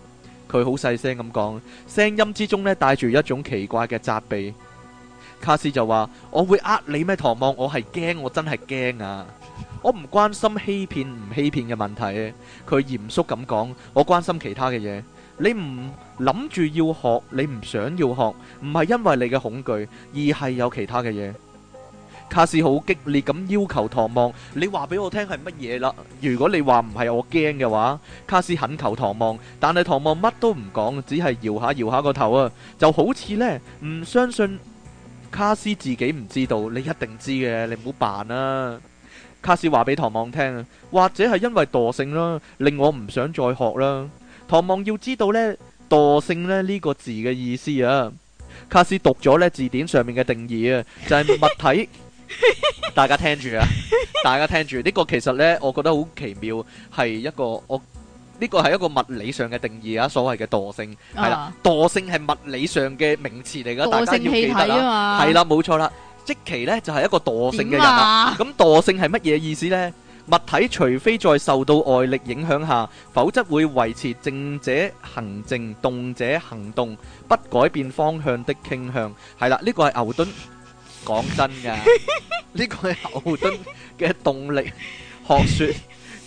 佢好細聲咁講，聲音之中呢帶住一種奇怪嘅責備。卡斯就話：我會呃你咩？唐望，我係驚，我真係驚啊！我唔關心欺騙唔欺騙嘅問題。佢嚴肅咁講：我關心其他嘅嘢。你唔諗住要學，你唔想要學，唔係因為你嘅恐懼，而係有其他嘅嘢。卡斯好激烈咁要求唐望，你話俾我聽係乜嘢啦？如果你話唔係我驚嘅話，卡斯懇求唐望，但係唐望乜都唔講，只係搖下搖下個頭啊，就好似呢：「唔相信卡斯自己唔知道，你一定知嘅，你唔好扮啦。卡斯話俾唐望聽啊，或者係因為惰性啦，令我唔想再學啦。唐望要知道呢「惰性呢呢個字嘅意思啊，卡斯讀咗呢字典上面嘅定義啊，就係、是、物體。 大家聽住啊！大家聽住，呢個其實咧，我覺得好奇妙，係一個我呢個係一個物理上嘅定義啊。所謂嘅惰性係啦，惰性係物理上嘅名詞嚟噶，大家要記得啦。係啦，冇錯啦，即其咧就係一個惰性嘅人啦。咁惰性係乜嘢意思咧？物體除非在受到外力影響下，否則會維持靜者行靜，動者行動，不改變方向的傾向。係啦，呢個係牛頓。講真噶呢 個係牛頓嘅動力學說。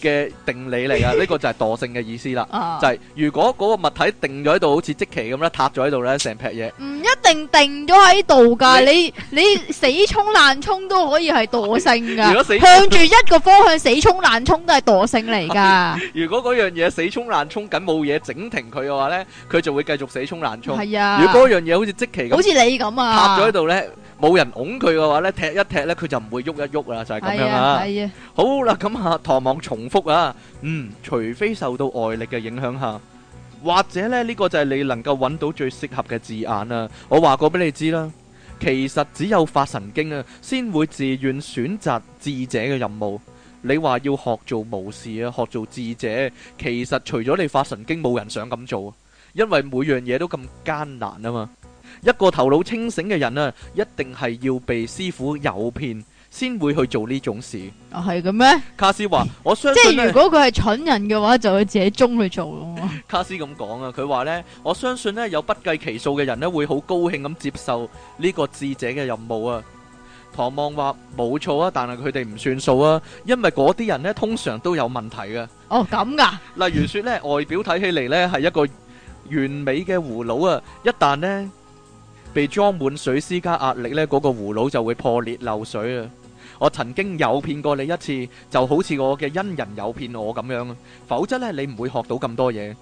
嘅定理嚟啊！呢個就係惰性嘅意思啦，就係如果嗰個物體定咗喺度，好似積奇咁咧，塌咗喺度咧，成劈嘢。唔一定定咗喺度噶，你你死衝爛衝都可以係惰性噶，如果死衝爛衝，向住一個方向死衝爛衝都係惰性嚟噶。如果嗰樣嘢死衝爛衝緊冇嘢整停佢嘅話咧，佢就會繼續死衝爛衝。係啊。如果嗰樣嘢好似積奇咁，好似你咁啊，塌咗喺度咧，冇人拱佢嘅話咧，踢一踢咧，佢就唔會喐一喐啦，就係咁樣啦。係啊。好啦，咁啊，唐望重。啊，嗯，除非受到外力嘅影響下，或者呢呢個就係你能夠搵到最適合嘅字眼啦。我話過俾你知啦，其實只有發神經啊，先會自願選擇智者嘅任務。你話要學做巫士啊，學做智者，其實除咗你發神經，冇人想咁做，因為每樣嘢都咁艱難啊嘛。一個頭腦清醒嘅人啊，一定係要被師傅誘騙。先會去做呢種事啊，係咁咩？卡斯話，我相信即係如果佢係蠢人嘅話，就會自己中去做咯。卡斯咁講啊，佢話呢，我相信呢有不計其數嘅人呢會好高興咁接受呢個智者嘅任務啊。唐望話冇錯啊，但係佢哋唔算數啊，因為嗰啲人呢通常都有問題嘅。哦，咁噶？例如說呢，外表睇起嚟，呢係一個完美嘅葫蘆啊，一旦呢被裝滿水施加壓力呢，嗰個葫蘆就會破裂漏水啊。我曾經誘騙過你一次，就好似我嘅恩人誘騙我咁樣咯。否則咧，你唔會學到咁多嘢。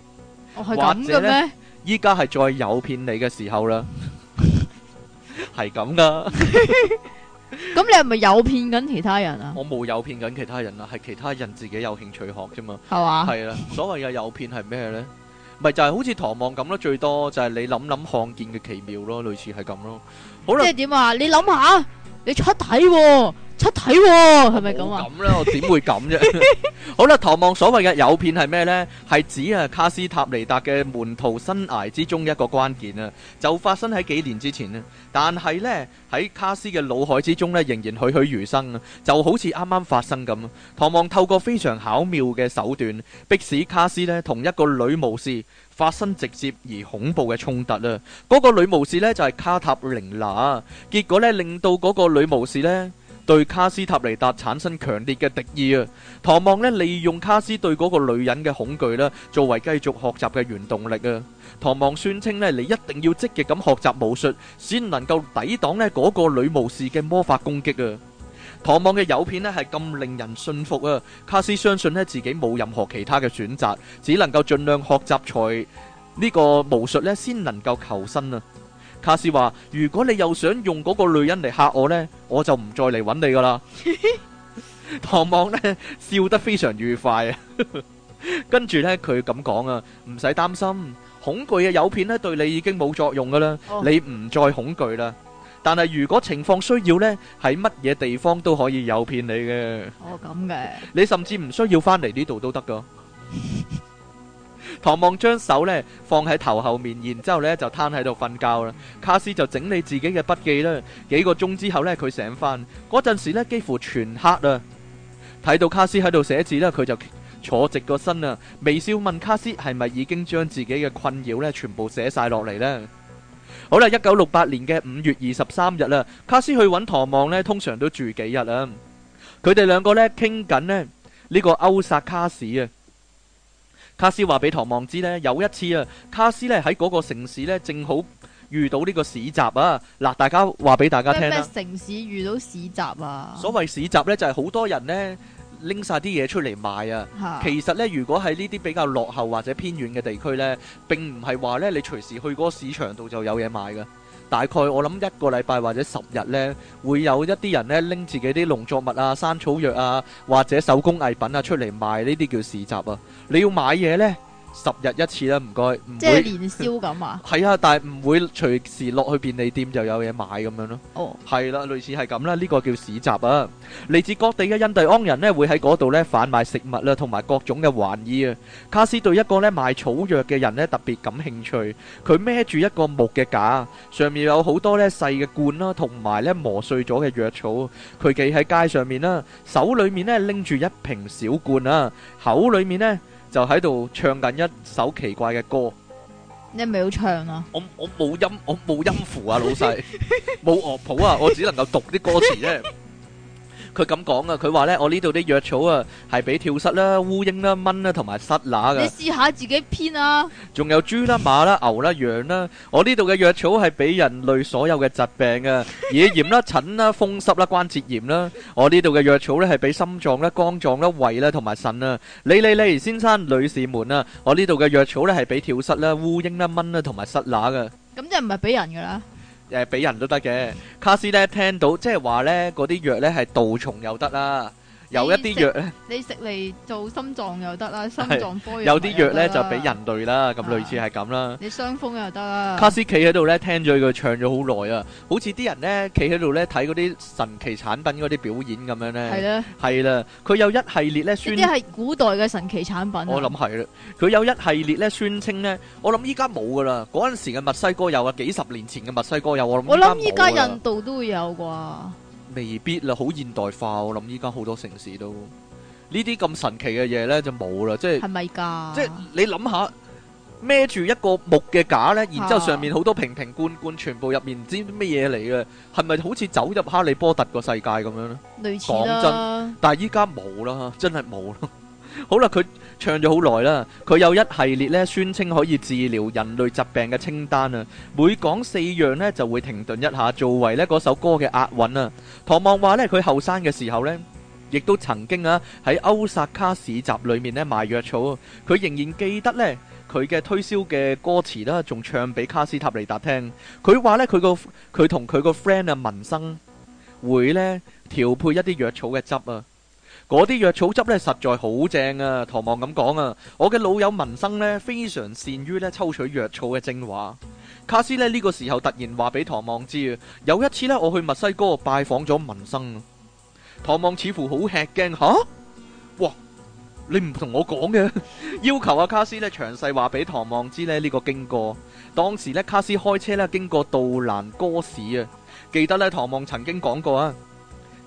係咁嘅咩？或者咧，依家係再誘騙你嘅時候啦，係咁噶。咁你係咪誘騙緊其他人啊？我冇誘騙緊其他人啦，係其他人自己有興趣學啫嘛。係嘛？係啦。所謂嘅誘騙係咩咧？咪就係好似唐望咁咯，最多就係你諗諗看見嘅奇妙咯，類似係咁咯。好啦，即係點啊？你諗下，你出體。出體係咪咁啊？咁啦、啊啊，我點會咁啫、啊？ 好啦，唐望所謂嘅有片係咩呢？係指啊卡斯塔尼達嘅門徒生涯之中一個關鍵啊，就發生喺幾年之前啦、啊。但係呢，喺卡斯嘅腦海之中呢，仍然栩栩如生啊，就好似啱啱發生咁。唐望透過非常巧妙嘅手段，迫使卡斯呢同一個女巫士發生直接而恐怖嘅衝突啊。嗰、那個女巫士呢，就係、是、卡塔琳娜，結果呢，令到嗰個女巫士呢。.對卡斯塔尼達產生強烈嘅敵意啊！唐望呢，利用卡斯對嗰個女人嘅恐懼呢，作為繼續學習嘅原動力啊！唐望宣稱呢，你一定要積極咁學習巫術，先能夠抵擋呢嗰個女巫士嘅魔法攻擊啊！唐望嘅有片呢係咁令人信服啊！卡斯相信呢自己冇任何其他嘅選擇，只能夠盡量學習才呢個巫術呢，先能夠求，求生啊！卡斯話：如果你又想用嗰個女人嚟吓我咧，我就唔再嚟揾你噶啦。唐望咧笑得非常愉快啊，跟住咧佢咁講啊，唔使擔心，恐懼嘅，誘騙咧對你已經冇作用噶啦，你唔再恐懼啦。但係如果情況需要咧，喺乜嘢地方都可以誘騙你嘅。哦，咁嘅。你甚至唔需要翻嚟呢度都得噶。唐望將手咧放喺頭後面，然之後咧就攤喺度瞓覺啦。卡斯就整理自己嘅筆記啦。幾個鐘之後呢，佢醒翻嗰陣時呢，幾乎全黑啦。睇到卡斯喺度寫字呢，佢就坐直個身啦，微笑問卡斯係咪已經將自己嘅困擾呢？全部寫晒落嚟呢？好啦，一九六八年嘅五月二十三日啦，卡斯去揾唐望呢，通常都住幾日啦。佢哋兩個呢，傾緊呢呢、呢個歐薩卡斯啊。卡斯話俾唐望知呢，有一次啊，卡斯咧喺嗰個城市呢，正好遇到呢個市集啊！嗱，大家話俾大家聽，咩城市遇到市集啊？所謂市集呢，就係好多人呢，拎晒啲嘢出嚟賣啊。其實呢，如果喺呢啲比較落後或者偏遠嘅地區呢，並唔係話呢，你隨時去嗰個市場度就有嘢賣嘅。大概我諗一個禮拜或者十日呢，會有一啲人咧拎自己啲農作物啊、山草藥啊，或者手工藝品啊出嚟賣。呢啲叫市集啊。你要買嘢呢？十日一次啦，唔該，唔會年宵咁啊？係啊，但係唔會隨時落去便利店就有嘢買咁樣咯。哦，係啦，類似係咁啦，呢個叫市集啊。嚟自各地嘅印第安人咧，會喺嗰度咧販賣食物啦，同埋各種嘅玩意啊。卡斯對一個咧賣草藥嘅人咧特別感興趣，佢孭住一個木嘅架，上面有好多咧細嘅罐啦，同埋咧磨碎咗嘅藥草。佢企喺街上面啦，手裡面咧拎住一瓶小罐啊，口裡面咧。就喺度唱緊一首奇怪嘅歌，你係咪要唱啊？我我冇音，我冇音符啊， 老細闆，冇 樂譜啊，我只能夠讀啲歌詞啫。佢咁講啊，佢話呢我呢度啲藥草啊係俾跳蚤啦、烏蠅啦、蚊啦同埋虱乸噶。你試下自己編啊！仲有豬啦、馬啦、牛啦、羊啦，我呢度嘅藥草係俾人類所有嘅疾病噶，野炎啦、疹啦、風濕啦、關節炎啦，我呢度嘅藥草呢係俾心臟啦、肝臟啦、胃啦同埋腎啊！嚟嚟嚟，先生女士們啊，我呢度嘅藥草呢係俾跳蚤啦、烏蠅啦、蚊啦同埋虱乸噶。咁即係唔係俾人噶啦？誒俾人都得嘅，卡斯咧聽到即係話咧，嗰啲藥咧係杜蟲又得啦。有一啲藥咧，你食嚟 做心臟又得啦，心臟科藥有啲藥咧就俾人類啦，咁、啊、類似係咁啦。你傷風又得啦。卡斯企喺度咧，聽咗佢唱咗好耐啊，好似啲人咧企喺度咧睇嗰啲神奇產品嗰啲表演咁樣咧，係咧的，係啦，佢有一系列咧，呢啲係古代嘅神奇產品，啊。我諗係啦，佢有一系列咧宣稱咧，我諗依家冇噶啦，嗰陣時嘅墨西哥有啊，幾十年前嘅墨西哥有，我諗依家印度都會有啩。未必啦，好現代化，我諗依家好多城市都呢啲咁神奇嘅嘢呢就冇啦，即係係咪㗎？是是即係你諗下，孭住一個木嘅架呢，然之後上面好多瓶瓶罐罐，全部入面唔知咩嘢嚟嘅，係咪好似走入哈利波特個世界咁樣呢？類似，講真，但係依家冇啦，真係冇啦。好啦，佢唱咗好耐啦，佢有一系列咧宣稱可以治療人類疾病嘅清單啊，每講四樣呢，就會停頓一下，作為呢嗰首歌嘅押韻啊。唐望話呢，佢後生嘅時候呢，亦都曾經啊喺歐薩卡市集裏面呢賣藥草啊。佢仍然記得呢，佢嘅推銷嘅歌詞啦，仲唱俾卡斯塔尼達聽。佢話呢，佢個佢同佢個 friend 啊文生會呢，調配一啲藥草嘅汁啊。嗰啲藥草汁呢，實在好正啊！唐望咁講啊，我嘅老友民生呢，非常善於呢抽取藥草嘅精華。卡斯呢，呢、呢個時候突然話俾唐望知啊，有一次呢，我去墨西哥拜訪咗民生。啊。唐望似乎好吃驚嚇、啊，哇！你唔同我講嘅， 要求阿、啊、卡斯呢，詳細話俾唐望知呢，呢個經過。當時呢，卡斯開車呢經過杜蘭戈市啊，記得呢，唐望曾經講過啊。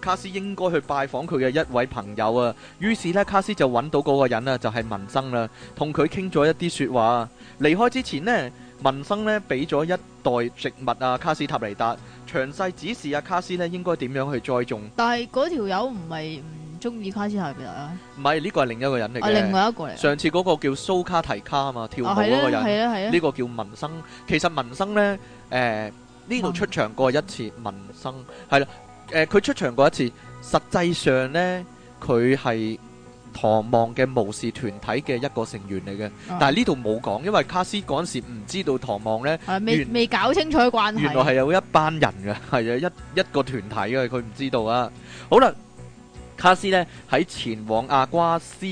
卡斯應該去拜訪佢嘅一位朋友啊，於是咧卡斯就揾到嗰個人啊，就係、是、民生啦，同佢傾咗一啲說話。離開之前呢，民生咧俾咗一袋植物啊，卡斯塔尼達詳細指示啊，卡斯呢應該點樣去栽種。但係嗰條友唔係唔中意卡斯塔尼達啊？唔係呢個係另一個人嚟嘅、啊，另外一個嚟。上次嗰個叫蘇卡提卡啊嘛，跳舞嗰個人，呢、啊、個叫民生。啊、其實民生咧，誒呢度出場過一次，嗯、民生係啦。 usion 誒，佢、呃、出場過一次，實際上呢，佢係唐望嘅巫士團體嘅一個成員嚟嘅。嗯、但係呢度冇講，因為卡斯嗰陣時唔知道唐望呢，未未、啊、原搞清楚關係。原來係有一班人嘅，係啊一一,一個團體嘅，佢唔知道啊。好啦，卡斯呢，喺前往阿瓜斯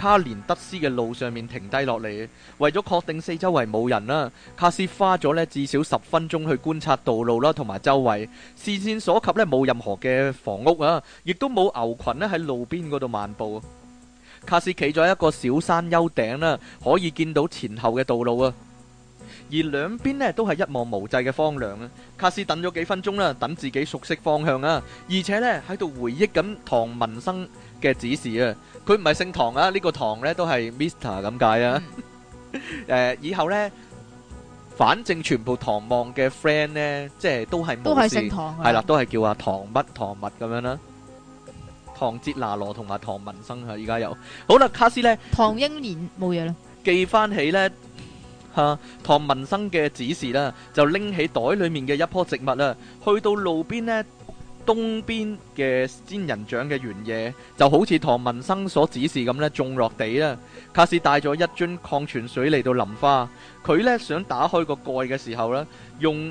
卡連德斯嘅路上面停低落嚟，為咗確定四周圍冇人啦，卡斯花咗咧至少十分鐘去觀察道路啦同埋周圍，視線所及咧冇任何嘅房屋啊，亦都冇牛群咧喺路邊嗰度漫步。卡斯企咗一個小山丘頂啦，可以見到前後嘅道路啊，而兩邊咧都係一望無際嘅荒涼啊。卡斯等咗幾分鐘啦，等自己熟悉方向啊，而且呢，喺度回憶緊唐文生嘅指示啊，佢唔係姓唐啊，呢個唐咧都係 Mister 咁解啊。誒，以後咧，反正全部唐望嘅 friend 咧，即係都係冇事，都係姓唐，係啦，都係叫阿唐乜唐乜咁樣啦。唐哲拿羅同埋唐文生啊，而家有，好啦，卡斯咧，唐英年冇嘢啦。記翻起咧吓，唐文生嘅指示啦，就拎起袋裏面嘅一棵植物啊，去到路邊咧。東邊嘅仙人掌嘅原野就好似唐文生所指示咁呢種落地啦。卡士帶咗一樽礦泉水嚟到淋花，佢呢想打開個蓋嘅時候呢，用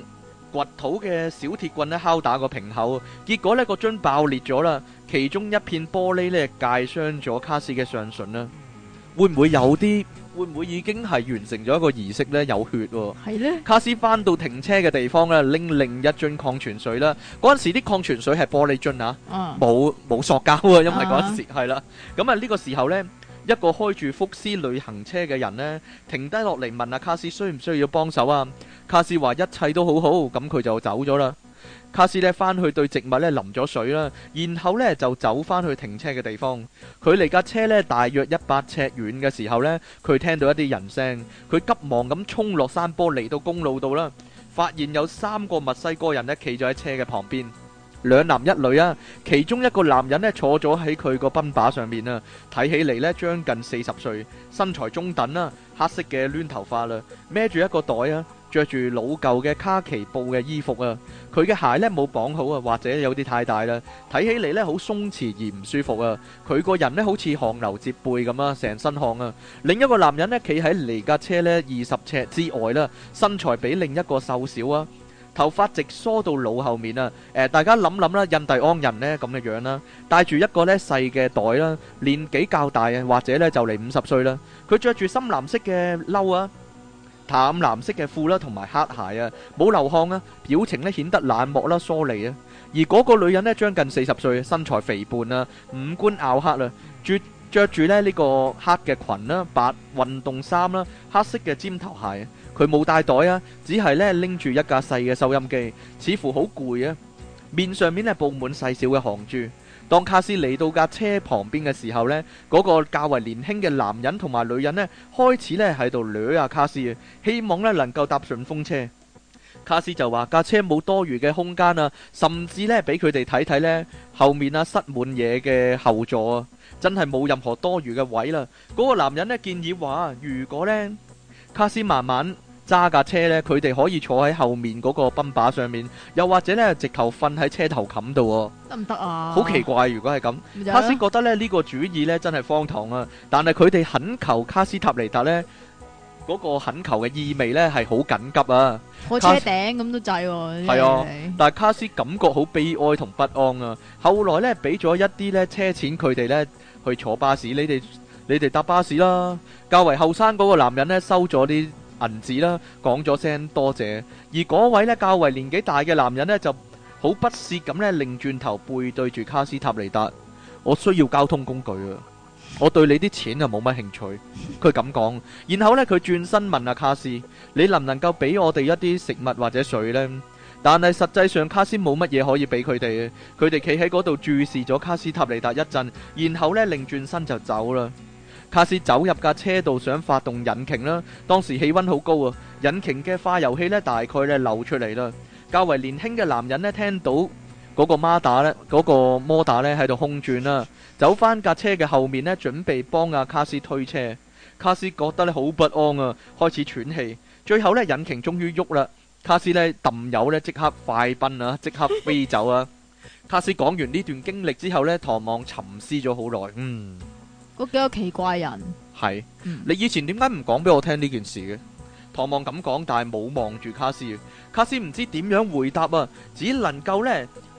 掘土嘅小鐵棍咧敲打個瓶口，結果呢個樽爆裂咗啦，其中一片玻璃呢，界傷咗卡士嘅上唇啦。會唔會有啲？會唔會已經係完成咗一個儀式咧？有血喎。係咧。卡斯返到停車嘅地方咧，拎另一樽礦泉水啦。嗰陣時啲礦泉水係玻璃樽啊，冇冇塑膠啊，因為嗰時係啦。咁啊，呢個時候咧，一個開住福斯旅行車嘅人咧，停低落嚟問啊，卡斯需唔需要幫手啊？卡斯話一切都好好，咁佢就走咗啦。卡斯咧返去對植物咧淋咗水啦，然後咧就走返去停車嘅地方。佢離架車咧大約一百尺遠嘅時候咧，佢聽到一啲人聲，佢急忙咁衝落山坡嚟，到公路度啦，發現有三個墨西哥人咧企咗喺車嘅旁邊，兩男一女啊。其中一個男人咧坐咗喺佢個奔靶上面啊，睇起嚟咧將近四十歲，身材中等啦，黑色嘅攣頭髮啦，孭住一個袋啊。着住老舊嘅卡其布嘅衣服啊，佢嘅鞋咧冇綁好啊，或者有啲太大啦，睇起嚟咧好鬆弛而唔舒服啊。佢個人咧好似汗流浹背咁啊，成身汗啊。另一個男人咧企喺離架車咧二十尺之外啦，身材比另一個瘦小啊，頭髮直梳到腦後面啊。誒，大家諗諗啦，印第安人咧咁嘅樣啦，帶住一個咧細嘅袋啦，年紀較大啊，或者咧就嚟五十歲啦。佢着住深藍色嘅褸啊。淡藍色嘅褲啦、啊，同埋黑鞋啊，冇流汗啊，表情咧顯得冷漠啦、疏離啊。而嗰個女人咧，將近四十歲，身材肥胖啦、啊，五官拗黑啦、啊，著著住咧呢、這個黑嘅裙啦、啊、白運動衫啦、啊、黑色嘅尖頭鞋、啊，佢冇帶袋啊，只係咧拎住一架細嘅收音機，似乎好攰啊，面上面咧佈滿細小嘅汗珠。當卡斯嚟到架車旁邊嘅時候呢，嗰個較為年輕嘅男人同埋女人呢，開始呢喺度掠下卡斯，希望呢能夠搭順風車。卡斯就話架車冇多餘嘅空間啊，甚至呢俾佢哋睇睇呢後面啊塞滿嘢嘅後座啊，真係冇任何多餘嘅位啦。嗰個男人呢建議話，如果呢卡斯慢慢揸架車咧，佢哋可以坐喺後面嗰個賓巴上面，又或者咧直頭瞓喺車頭冚度，得唔得啊？好奇怪，如果係咁，卡先覺得咧呢個主意咧真係荒唐啊！但係佢哋懇求卡斯塔尼達咧嗰個懇求嘅意味咧係好緊急啊！我車頂咁都制喎，係啊！但係卡斯感覺好悲哀同不安啊！後來咧俾咗一啲咧車錢佢哋咧去坐巴士，你哋你哋搭巴士啦！較為後生嗰個男人咧收咗啲。銀子啦，講咗聲多謝。而嗰位咧較為年紀大嘅男人呢，就好不屑咁咧，擰轉頭背對住卡斯塔尼達。我需要交通工具啊！我對你啲錢啊冇乜興趣。佢咁講，然後呢，佢轉身問阿、啊、卡斯：「你能唔能夠俾我哋一啲食物或者水呢？」但係實際上卡斯冇乜嘢可以俾佢哋嘅。佢哋企喺嗰度注視咗卡斯塔尼達一陣，然後呢，擰轉身就走啦。卡斯走入架車度想發動引擎啦，當時氣溫好高啊，引擎嘅化油器咧大概咧流出嚟啦。較為年輕嘅男人咧聽到嗰個馬達咧，嗰個摩打咧喺度空轉啦，走翻架車嘅後面咧，準備幫阿卡斯推車。卡斯覺得咧好不安啊，開始喘氣，最後呢，引擎終於喐啦。卡斯呢，抌油呢，即刻快奔啊，即刻飛走啊！卡斯講完呢段經歷之後呢，唐望沉思咗好耐，嗯。好幾個奇怪人，係你以前點解唔講俾我聽呢件事嘅？唐望咁講，但係冇望住卡斯，卡斯唔知點樣回答啊，只能夠呢，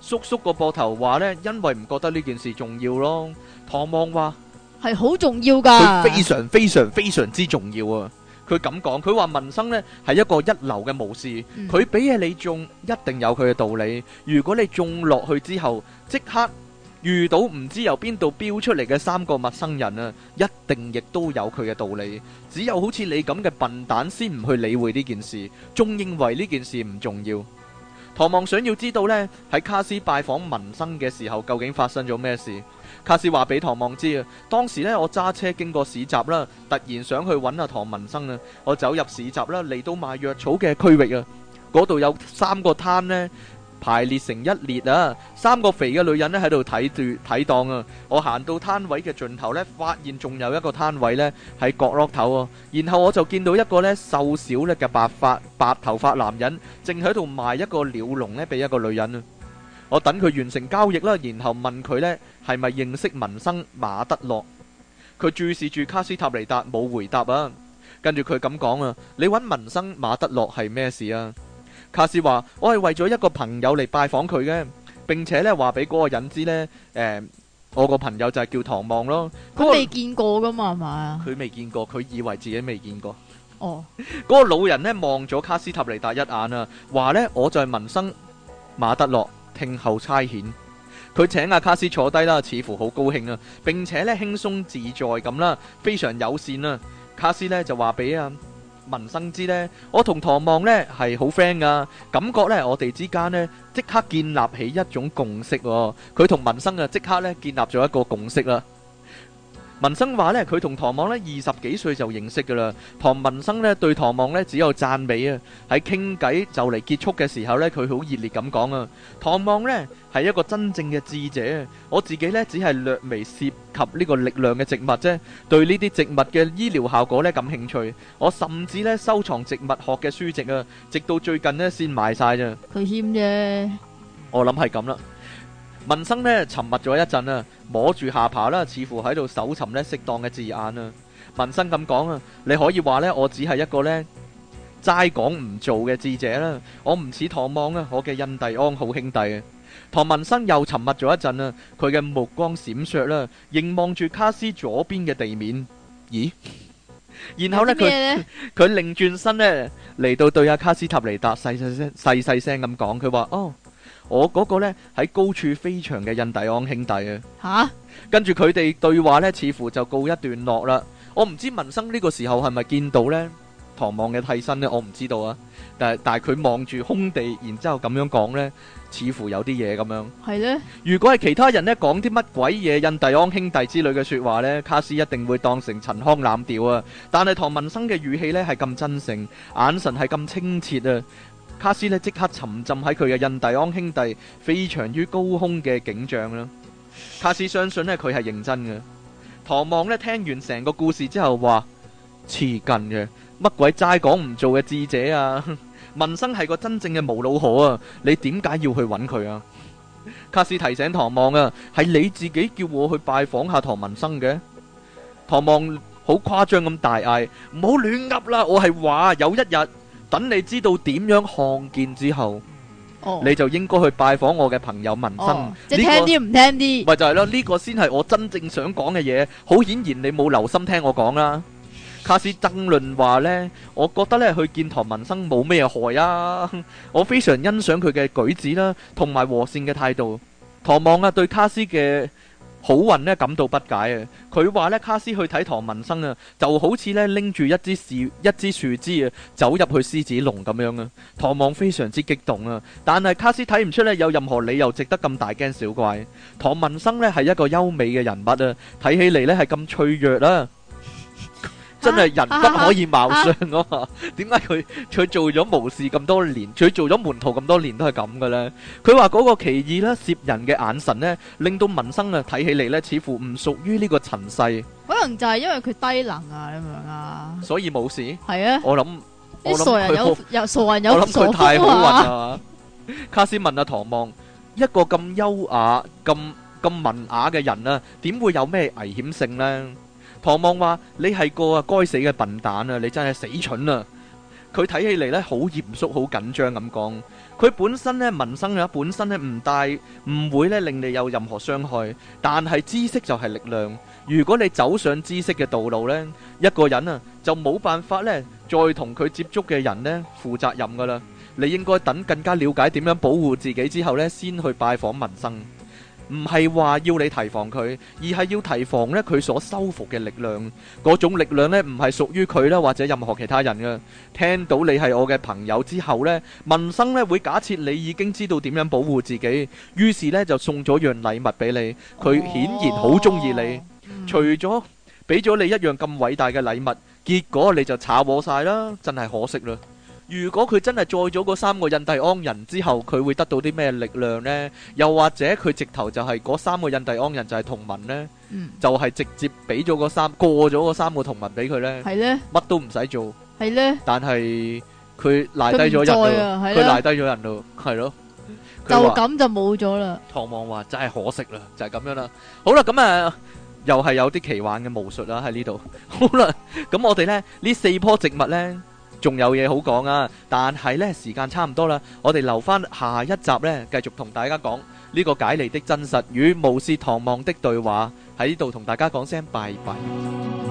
縮縮個膊頭話呢，因為唔覺得呢件事重要咯。唐望話係好重要噶佢非常非常非常之重要啊！佢咁講，佢話民生呢係一個一流嘅模式，佢俾嘢你種，一定有佢嘅道理。如果你種落去之後，即刻。遇到唔知由邊度飆出嚟嘅三個陌生人啊，一定亦都有佢嘅道理。只有好似你咁嘅笨蛋先唔去理會呢件事，仲認為呢件事唔重要。唐望想要知道呢，喺卡斯拜訪文生嘅時候究竟發生咗咩事？卡斯話俾唐望知啊，當時呢我揸車經過市集啦，突然想去揾阿唐文生啊，我走入市集啦，嚟到賣藥草嘅區域啊，嗰度有三個攤呢。排列成一列啊！三個肥嘅女人咧喺度睇住睇檔啊！我行到攤位嘅盡頭呢，發現仲有一個攤位呢喺角落頭啊。然後我就見到一個呢瘦小力嘅白髮白頭髮男人，正喺度賣一個鳥籠咧俾一個女人啊！我等佢完成交易啦，然後問佢呢係咪認識民生馬德洛？佢注視住卡斯塔尼達冇回答啊！跟住佢咁講啊！你揾民生馬德洛係咩事啊？卡斯話：我係為咗一個朋友嚟拜訪佢嘅，並且咧話俾嗰個人知呢。誒、欸，我個朋友就係叫唐望咯。佢未見過噶嘛，係咪？佢未見過，佢以為自己未見過。哦，嗰個老人呢望咗卡斯塔尼達一眼啊，話咧我就係民生馬德洛聽候差遣。佢請阿卡斯坐低啦，似乎好高興啊，並且呢輕鬆自在咁啦，非常友善啦、啊。卡斯呢就話俾啊。民生知呢，我同唐望呢係好 friend 噶，感覺呢，我哋之間呢即刻建立起一種共識。哦，佢同民生啊即刻呢建立咗一個共識啦。文生話咧，佢同唐望呢二十幾歲就認識噶啦。唐文生呢對唐望呢只有讚美啊。喺傾偈就嚟結束嘅時候呢，佢好熱烈咁講啊。唐望呢係一個真正嘅智者。我自己呢，只係略微涉及呢個力量嘅植物啫，對呢啲植物嘅醫療效果呢，感興趣。我甚至呢收藏植物學嘅書籍啊，直到最近呢先賣晒咋。佢謙啫。我諗係咁啦。文生呢，沉默咗一陣啊，摸住下巴啦，似乎喺度搜尋呢適當嘅字眼啊。文生咁講啊，你可以話呢，我只係一個呢齋講唔做嘅智者啦，我唔似唐望啊，我嘅印第安好兄弟啊。唐文生又沉默咗一陣啊，佢嘅目光閃爍啦，凝望住，卡斯左邊嘅地面。咦？然後呢，佢佢擰轉身呢嚟到對阿卡斯塔尼達細細聲細細聲咁講，佢話哦。我嗰個呢，喺高處飛翔嘅印第安兄弟啊！吓、啊，跟住佢哋對話呢，似乎就告一段落啦。我唔知文生呢個時候係咪見到呢唐望嘅替身呢？我唔知道啊。但係但係佢望住空地，然之後咁樣講呢，似乎有啲嘢咁樣。係呢，如果係其他人呢，講啲乜鬼嘢印第安兄弟之類嘅說話呢，卡斯一定會當成陳腔濫調啊。但係唐文生嘅語氣呢，係咁真誠，眼神係咁清澈啊。卡斯咧即刻沉浸喺佢嘅印第安兄弟飛翔於高空嘅景象啦。卡斯相信咧佢係認真嘅。唐望咧聽完成個故事之後話：，黐筋嘅乜鬼齋講唔做嘅智者啊！文生係個真正嘅無腦河啊！你點解要去揾佢啊？卡斯提醒唐望啊，係你自己叫我去拜訪下唐文生嘅。唐望好誇張咁大嗌：，唔好亂噏啦！我係話有一日。等你知道點樣看見之後，你就應該去拜訪我嘅朋友民生。你聽啲唔聽啲，咪就係咯。呢個先係我真正想講嘅嘢。好顯然你冇留心聽我講啦。卡斯爭論話呢，我覺得呢去見唐民生冇咩害啊。我非常欣賞佢嘅舉止啦，同埋和善嘅態度。唐望啊，對卡斯嘅。好運呢，感到不解啊！佢話呢，卡斯去睇唐文生啊，就好似呢拎住一支樹一支樹枝啊，走入去獅子籠咁樣啊！唐望非常之激動啊，但係卡斯睇唔出呢有任何理由值得咁大驚小怪。唐文生呢係一個優美嘅人物啊，睇起嚟呢係咁脆弱啦。真係人不可以貌相啊！點解佢佢做咗無事咁多年，佢做咗門徒咁多年都係咁嘅咧？佢話嗰個奇異咧、攝人嘅眼神咧，令到文生啊睇起嚟咧，似乎唔屬於呢個塵世。可能就係因為佢低能啊，咁樣啊。所以無事。係啊。我諗啲傻人有傻人有傻福啊！卡斯文啊，唐望，一個咁優雅、咁咁文雅嘅人啊，點會有咩危險性咧？唐望話：你係個啊，該死嘅笨蛋啊，你真係死蠢啊！」佢睇起嚟呢，好嚴肅、好緊張咁講。佢本身呢，民生啊，本身帶呢，唔帶、唔會呢令你有任何傷害。但係知識就係力量。如果你走上知識嘅道路呢，一個人啊就冇辦法呢再同佢接觸嘅人呢負責任噶啦。你應該等更加了解點樣保護自己之後呢，先去拜訪民生。唔係話要你提防佢，而係要提防呢，佢所收服嘅力量，嗰種力量呢，唔係屬於佢啦，或者任何其他人噶。聽到你係我嘅朋友之後呢，文生呢會假設你已經知道點樣保護自己，於是呢就送咗樣禮物俾你。佢顯然好中意你，除咗俾咗你一樣咁偉大嘅禮物，結果你就炒禍晒啦，真係可惜啦。如果佢真係載咗嗰三個印第安人之後，佢會得到啲咩力量咧？又或者佢直頭就係嗰三個印第安人就係同盟咧？就係直接俾咗嗰三過咗嗰三個同盟俾佢咧？係咧，乜都唔使做。係咧。但係佢賴低咗人，佢賴低咗人咯，係咯。就咁就冇咗啦。唐望話真係可惜啦，就係咁樣啦。好啦，咁啊，又係有啲奇幻嘅巫術啦喺呢度。好啦，咁我哋咧呢四棵植物咧。仲有嘢好講啊！但係呢時間差唔多啦，我哋留返下一集呢，繼續同大家講呢個解離的真實與巫士唐望的對話，喺度，同大家講聲拜拜。